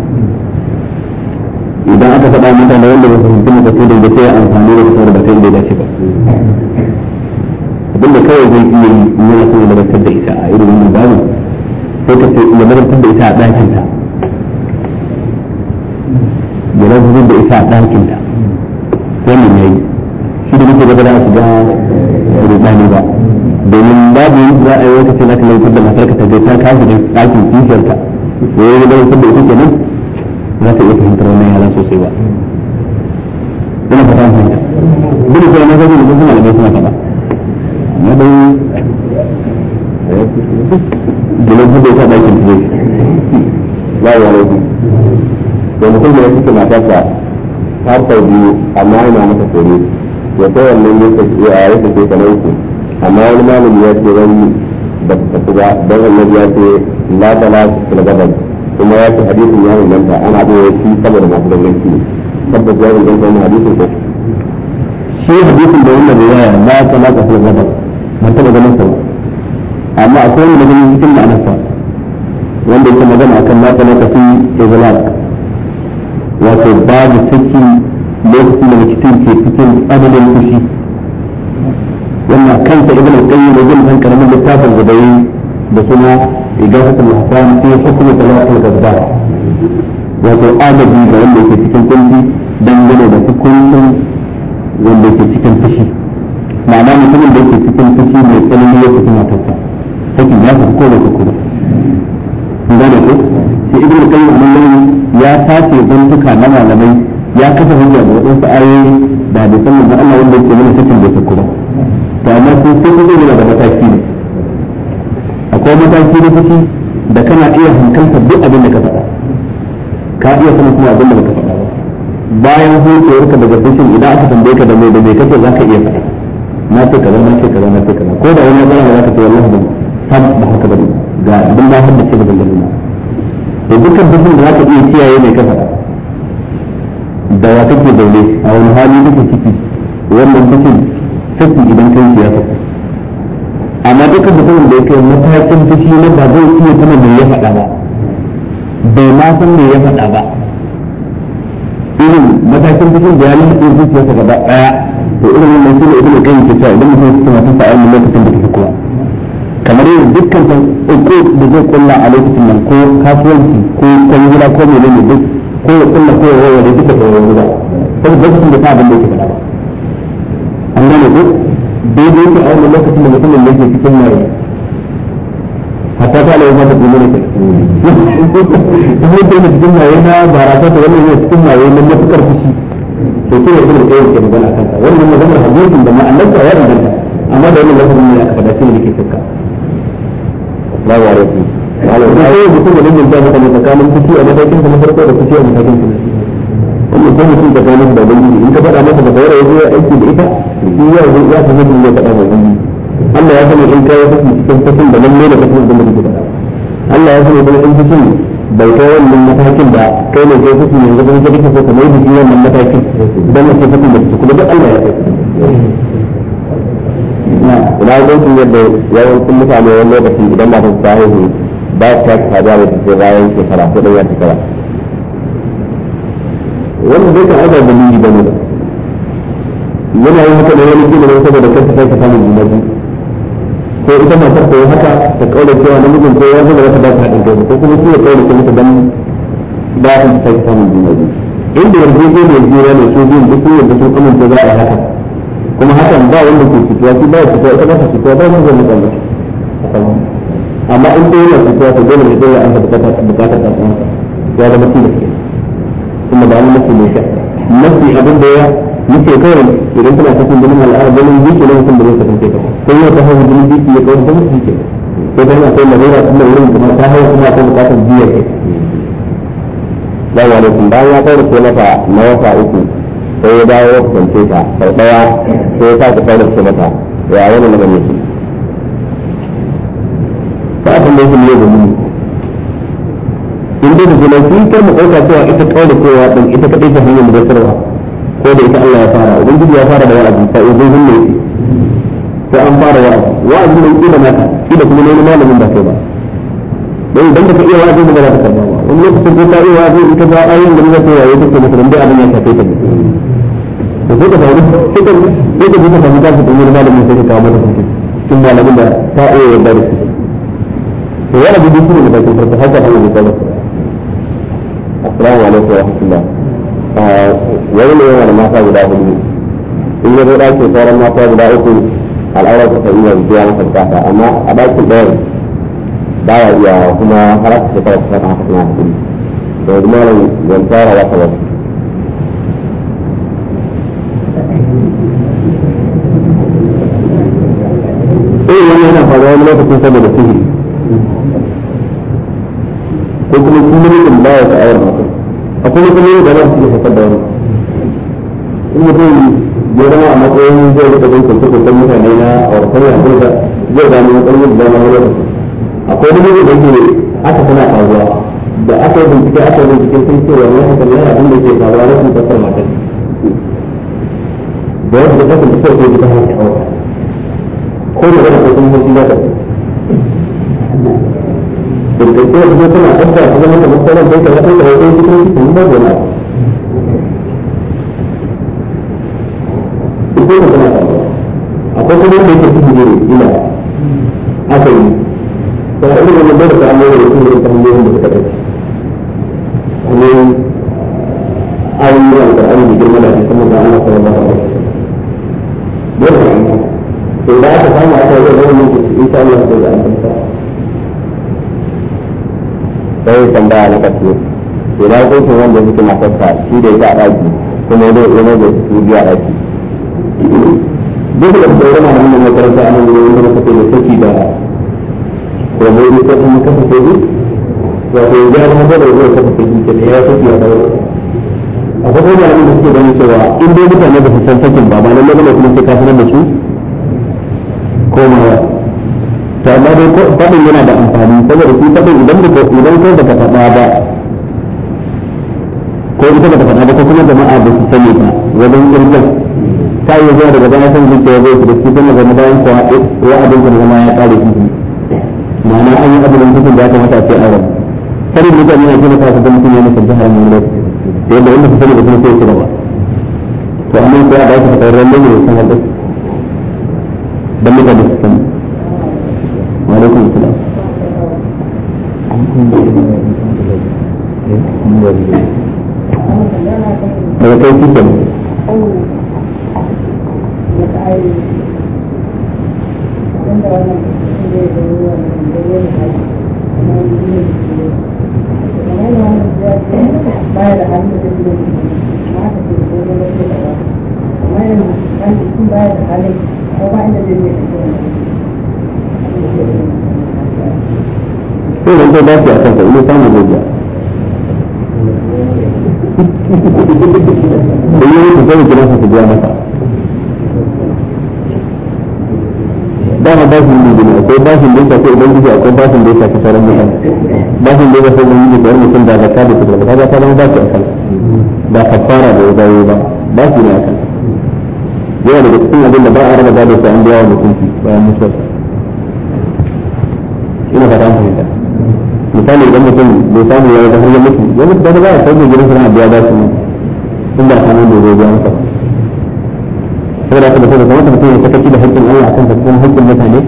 idan aka faɗa mata da wanda ba su fahimci mutafidin da sai amfani da su da kai da dace ba abinda kawai zai iya yi in yana son gabatar da ita a irin wannan babu sai ka ce ya da ita a ɗakinta ya gabatar da ita a ɗakinta wannan ya yi shi da muke gaba da su ga rudani ba domin babu za a yi wata ce za ka gabatar da matarka ta je ta kasu da ɗakin kishiyarka ko ya gabatar da ita kenan za ta iya fahimtar wannan yara sosai ba ina fata mu fahimta duk da na zama da kuma da kuma fada na dai dole ku da ta dakin ku la ya rabu da mutum da yake mata ta har sau biyu amma yana mata kore ya ta wannan yake a yake ke kamar ku amma wani malami ya ce wani ba ta tafi ba don annabi ya ce la ta la ta gabas kuma ya ce hadisin ya inganta an haɗe ya shi saboda masu danganci ne ya ya inganta wani hadisin ko shi hadisin da wannan riwaya yi ta na ta fulga ba ban taɓa ganin sa amma akwai wani daga cikin ma'anarsa wanda yake magana akan la ta la ta fi izlaq wato babu saki lokacin da mutum ke cikin adadin fushi wannan kansa ibn al-qayyim ibn hankali littafin da bai da kuma igafatul hasan fi hukm talatul gaddar wato agaji da wanda yake cikin kunci dangane da hukuncin wanda yake cikin fushi ma'ana mutumin da yake cikin fushi mai tsanani ya fi matarsa sakin ya fi ko da kuma gane ko sai ibnu qayyim al ya tace zantuka na malamai ya kafa hujja da wadansu ayoyi da da sanin da Allah wanda yake mana sakin da kuma to amma sun sai da mataki ne akwai mataki na fushi da kana iya hankalta duk abin da ka faɗa ka iya sanin kuma abin da ka faɗa ba bayan hutsuwarka daga fushin idan aka tambaye ka da mai da mai kake za ka iya faɗa na ce kaza na ce kaza na ce kaza ko da wani zara za ka ce wallahi ba sam ba haka ba ga abin da hadda ce da dangane ba to dukkan dukkan da za ka iya kiyaye mai ka faɗa da wa kake zaune a wani hali duka ciki wannan fushin sakin idan kai siyasa amma dukkan mutumin da ya kai matakin fushi na ba zai iya tuna da ya faɗa ba bai ma san me ya faɗa ba irin matakin shi da ya irin lafi zuciyarsa gaba ɗaya to irin wannan shi ne da kai ke cewa idan mutum ya tuna matan fa'a lokacin da take kuwa kamar yin dukkan ta ko da zai kulla a lokacin nan ko kasuwanci ko kwangila ko menene duk ko ya kulla ko ya wawa da duka da wawa da saboda lokacin da ta abin da yake faɗa ba an gane duk. daidai yake a wannan lokacin da mutumin yake cikin mai hatta ta lai mata kuma ne kuma da yake cikin mai na barasa ta wannan yake cikin mai na matukar fushi to sai ya zama ɗaya ke magana kan ta wannan maganar hadisin da ma'anarsa ya danganta amma da wannan lafazin ne aka faɗa shi ne yake fuska Allahu alaikum. Allahu alaikum. Mutum da dangin jami'a ne tsakanin fushi a matakin da na farko da fushi a matakin da na wannan sai mutum tsakanin da wani in ka faɗa masa da kawai ya aiki da ita shi ya zo ya san yadda ya faɗa mai Allah ya sani in kai cikin da lalle da da kake faɗa Allah ya sani in bai kai wannan matakin da kai ne kai yanzu kuma da shi wannan matakin da kake kuma duk Allah ya kai na zai yadda yawancin mutane wani lokaci idan na ta haihu ba ta kaza da take bayan shekara ko ɗaya shekara wannan zai kan dalili ba ne ba yana yi haka da wani gina da saboda kar ta sake samun juna biyu ko ita ma ta yi haka ta kaura cewa na mijin ko yanzu da wata ba ta haɗin kai ko kuma su ya kaura ce mata don ba ta sake samun juna biyu inda yanzu ko mai jira ne su biyun duk yadda sun amince za a haka kuma hakan ba wanda ke fitowa shi ba ya fitowa ita ba ta fitowa ba wanda zai mutane amma in dai yana fitowa ta dole ne dole an bukatar bukatar ta ya zama tilas kuma da an mafi mai sha mafi abin da ya yake kawai idan kana kasan jinin al'ada jinin biki ne mutum da zai kasance ka sai ta hawa jinin ya kawai ta mutum ke sai ta yana kai lalura kuma wurin kuma ta hawa kuma ta bukatar ke alaikum bayan ya kawai ke mata na wata uku sai ya dawo kasance ka sau ya sake kawai ke mata ya wani ce ba a san da yake ne da mu in dai da jinafi kai mu cewa ita kawai da kowa ita kaɗai ta hanyar da ko da ita Allah ya fara ubangiji ya fara da wa'azi fa idan hun ne ko an fara wa'azi wa'azi ne kila naka kuma ne malamin ba kai ba dan idan baka iya wa'azi ba za ka karba ba wani lokacin ko ka iya wa'azi in ka ga ayoyin da zaka yayi take maka dan abin ya shafe ta to sai ka samu sai ka sai ka ka ta kanka da malamin sai ka kawo maka kanka kin malamin da ta iya yarda da shi to da dukkan da kake farko haka Allah ya tsare assalamu alaikum wa rahmatullah wani ne yana da mata guda hudu in ya zo ɗakin sauran mata guda uku al'aurar ta kan iya biya masa bukata amma a ɗakin ɗayan baya iya kuma har aka shekara ta kan haka tana da yanzu malam zan tsara wata wata eh wani yana faruwa wani lokacin saboda sihiri ko kuma kuma mutum baya sha'awar mutum akwai matsaloli da za su iya haifar da wani in mutum ya zama a matsayin zai rika jin kwance mutane na a wasan yana zai zai gano matsalolin da zama wani akwai wani da yake aka tana faruwa da aka yi bincike aka yi bincike sun ce wani haka ne abin da ke faruwa rashin tsakar matar da wasu da kasance kawai ko gida haka ko da wani kwacin mutum za ta da ke kuma suna ɗaukar kuma haka mutanen da ya tara kan yawon yankin cikin cikin da gona ko ka suna akwai kuma da yake cikin gini ina asali ta hanyar da mai da ta hanyar da ta kai saki matarsa shi da ya a ɗaki kuma ya zai yana da su biya a ɗaki duk da sauran yana da makaranta a nan wurin da kake da saki da rabobi ko kuma kafa soji wato ya ga maza da zai kafa soji ke da ya saki a ɗaura akwai kuma malamin da suke ganin cewa in dai mutane ba su san sakin ba ba lallai ba kuma sai kafin da su komawa to amma dai faɗin yana da amfani saboda shi faɗin idan da idan kai baka faɗa ba ko ita ba ta faɗa ba kuma jama'a su sani ba wajen ta yi zuwa daga bayan san zuciya zai su da shi kuma zama bayan kuwa ya abin da zama ya ƙare ma'ana an yi abin da a ce a wani karin mutane na kira ta su mutum ya nufin jihar mai lokaci da yadda wanda su sani da kuma sai su to amma ko a ba su faɗa ne mutane ba zakka da kuma kaga ta ba baki akan ba kafara da ya bayo ba baki ne akan yana daga cikin abin da ba a raba gado sai an biya wa mutum bayan mutuwar ina fata an fahimta misali idan mutum bai samu ya zama ya mutu ya mutu daga baya sai mai gidan sana'a biya ba su in ba samu da zai biya masa saboda haka da saboda kamata mutum ya sakaci da haƙƙin Allah akan da kuma haƙƙin mutane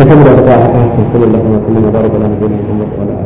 فكم ذلك على صلى الله عليه وسلم وبارك على نبينا محمد وعلى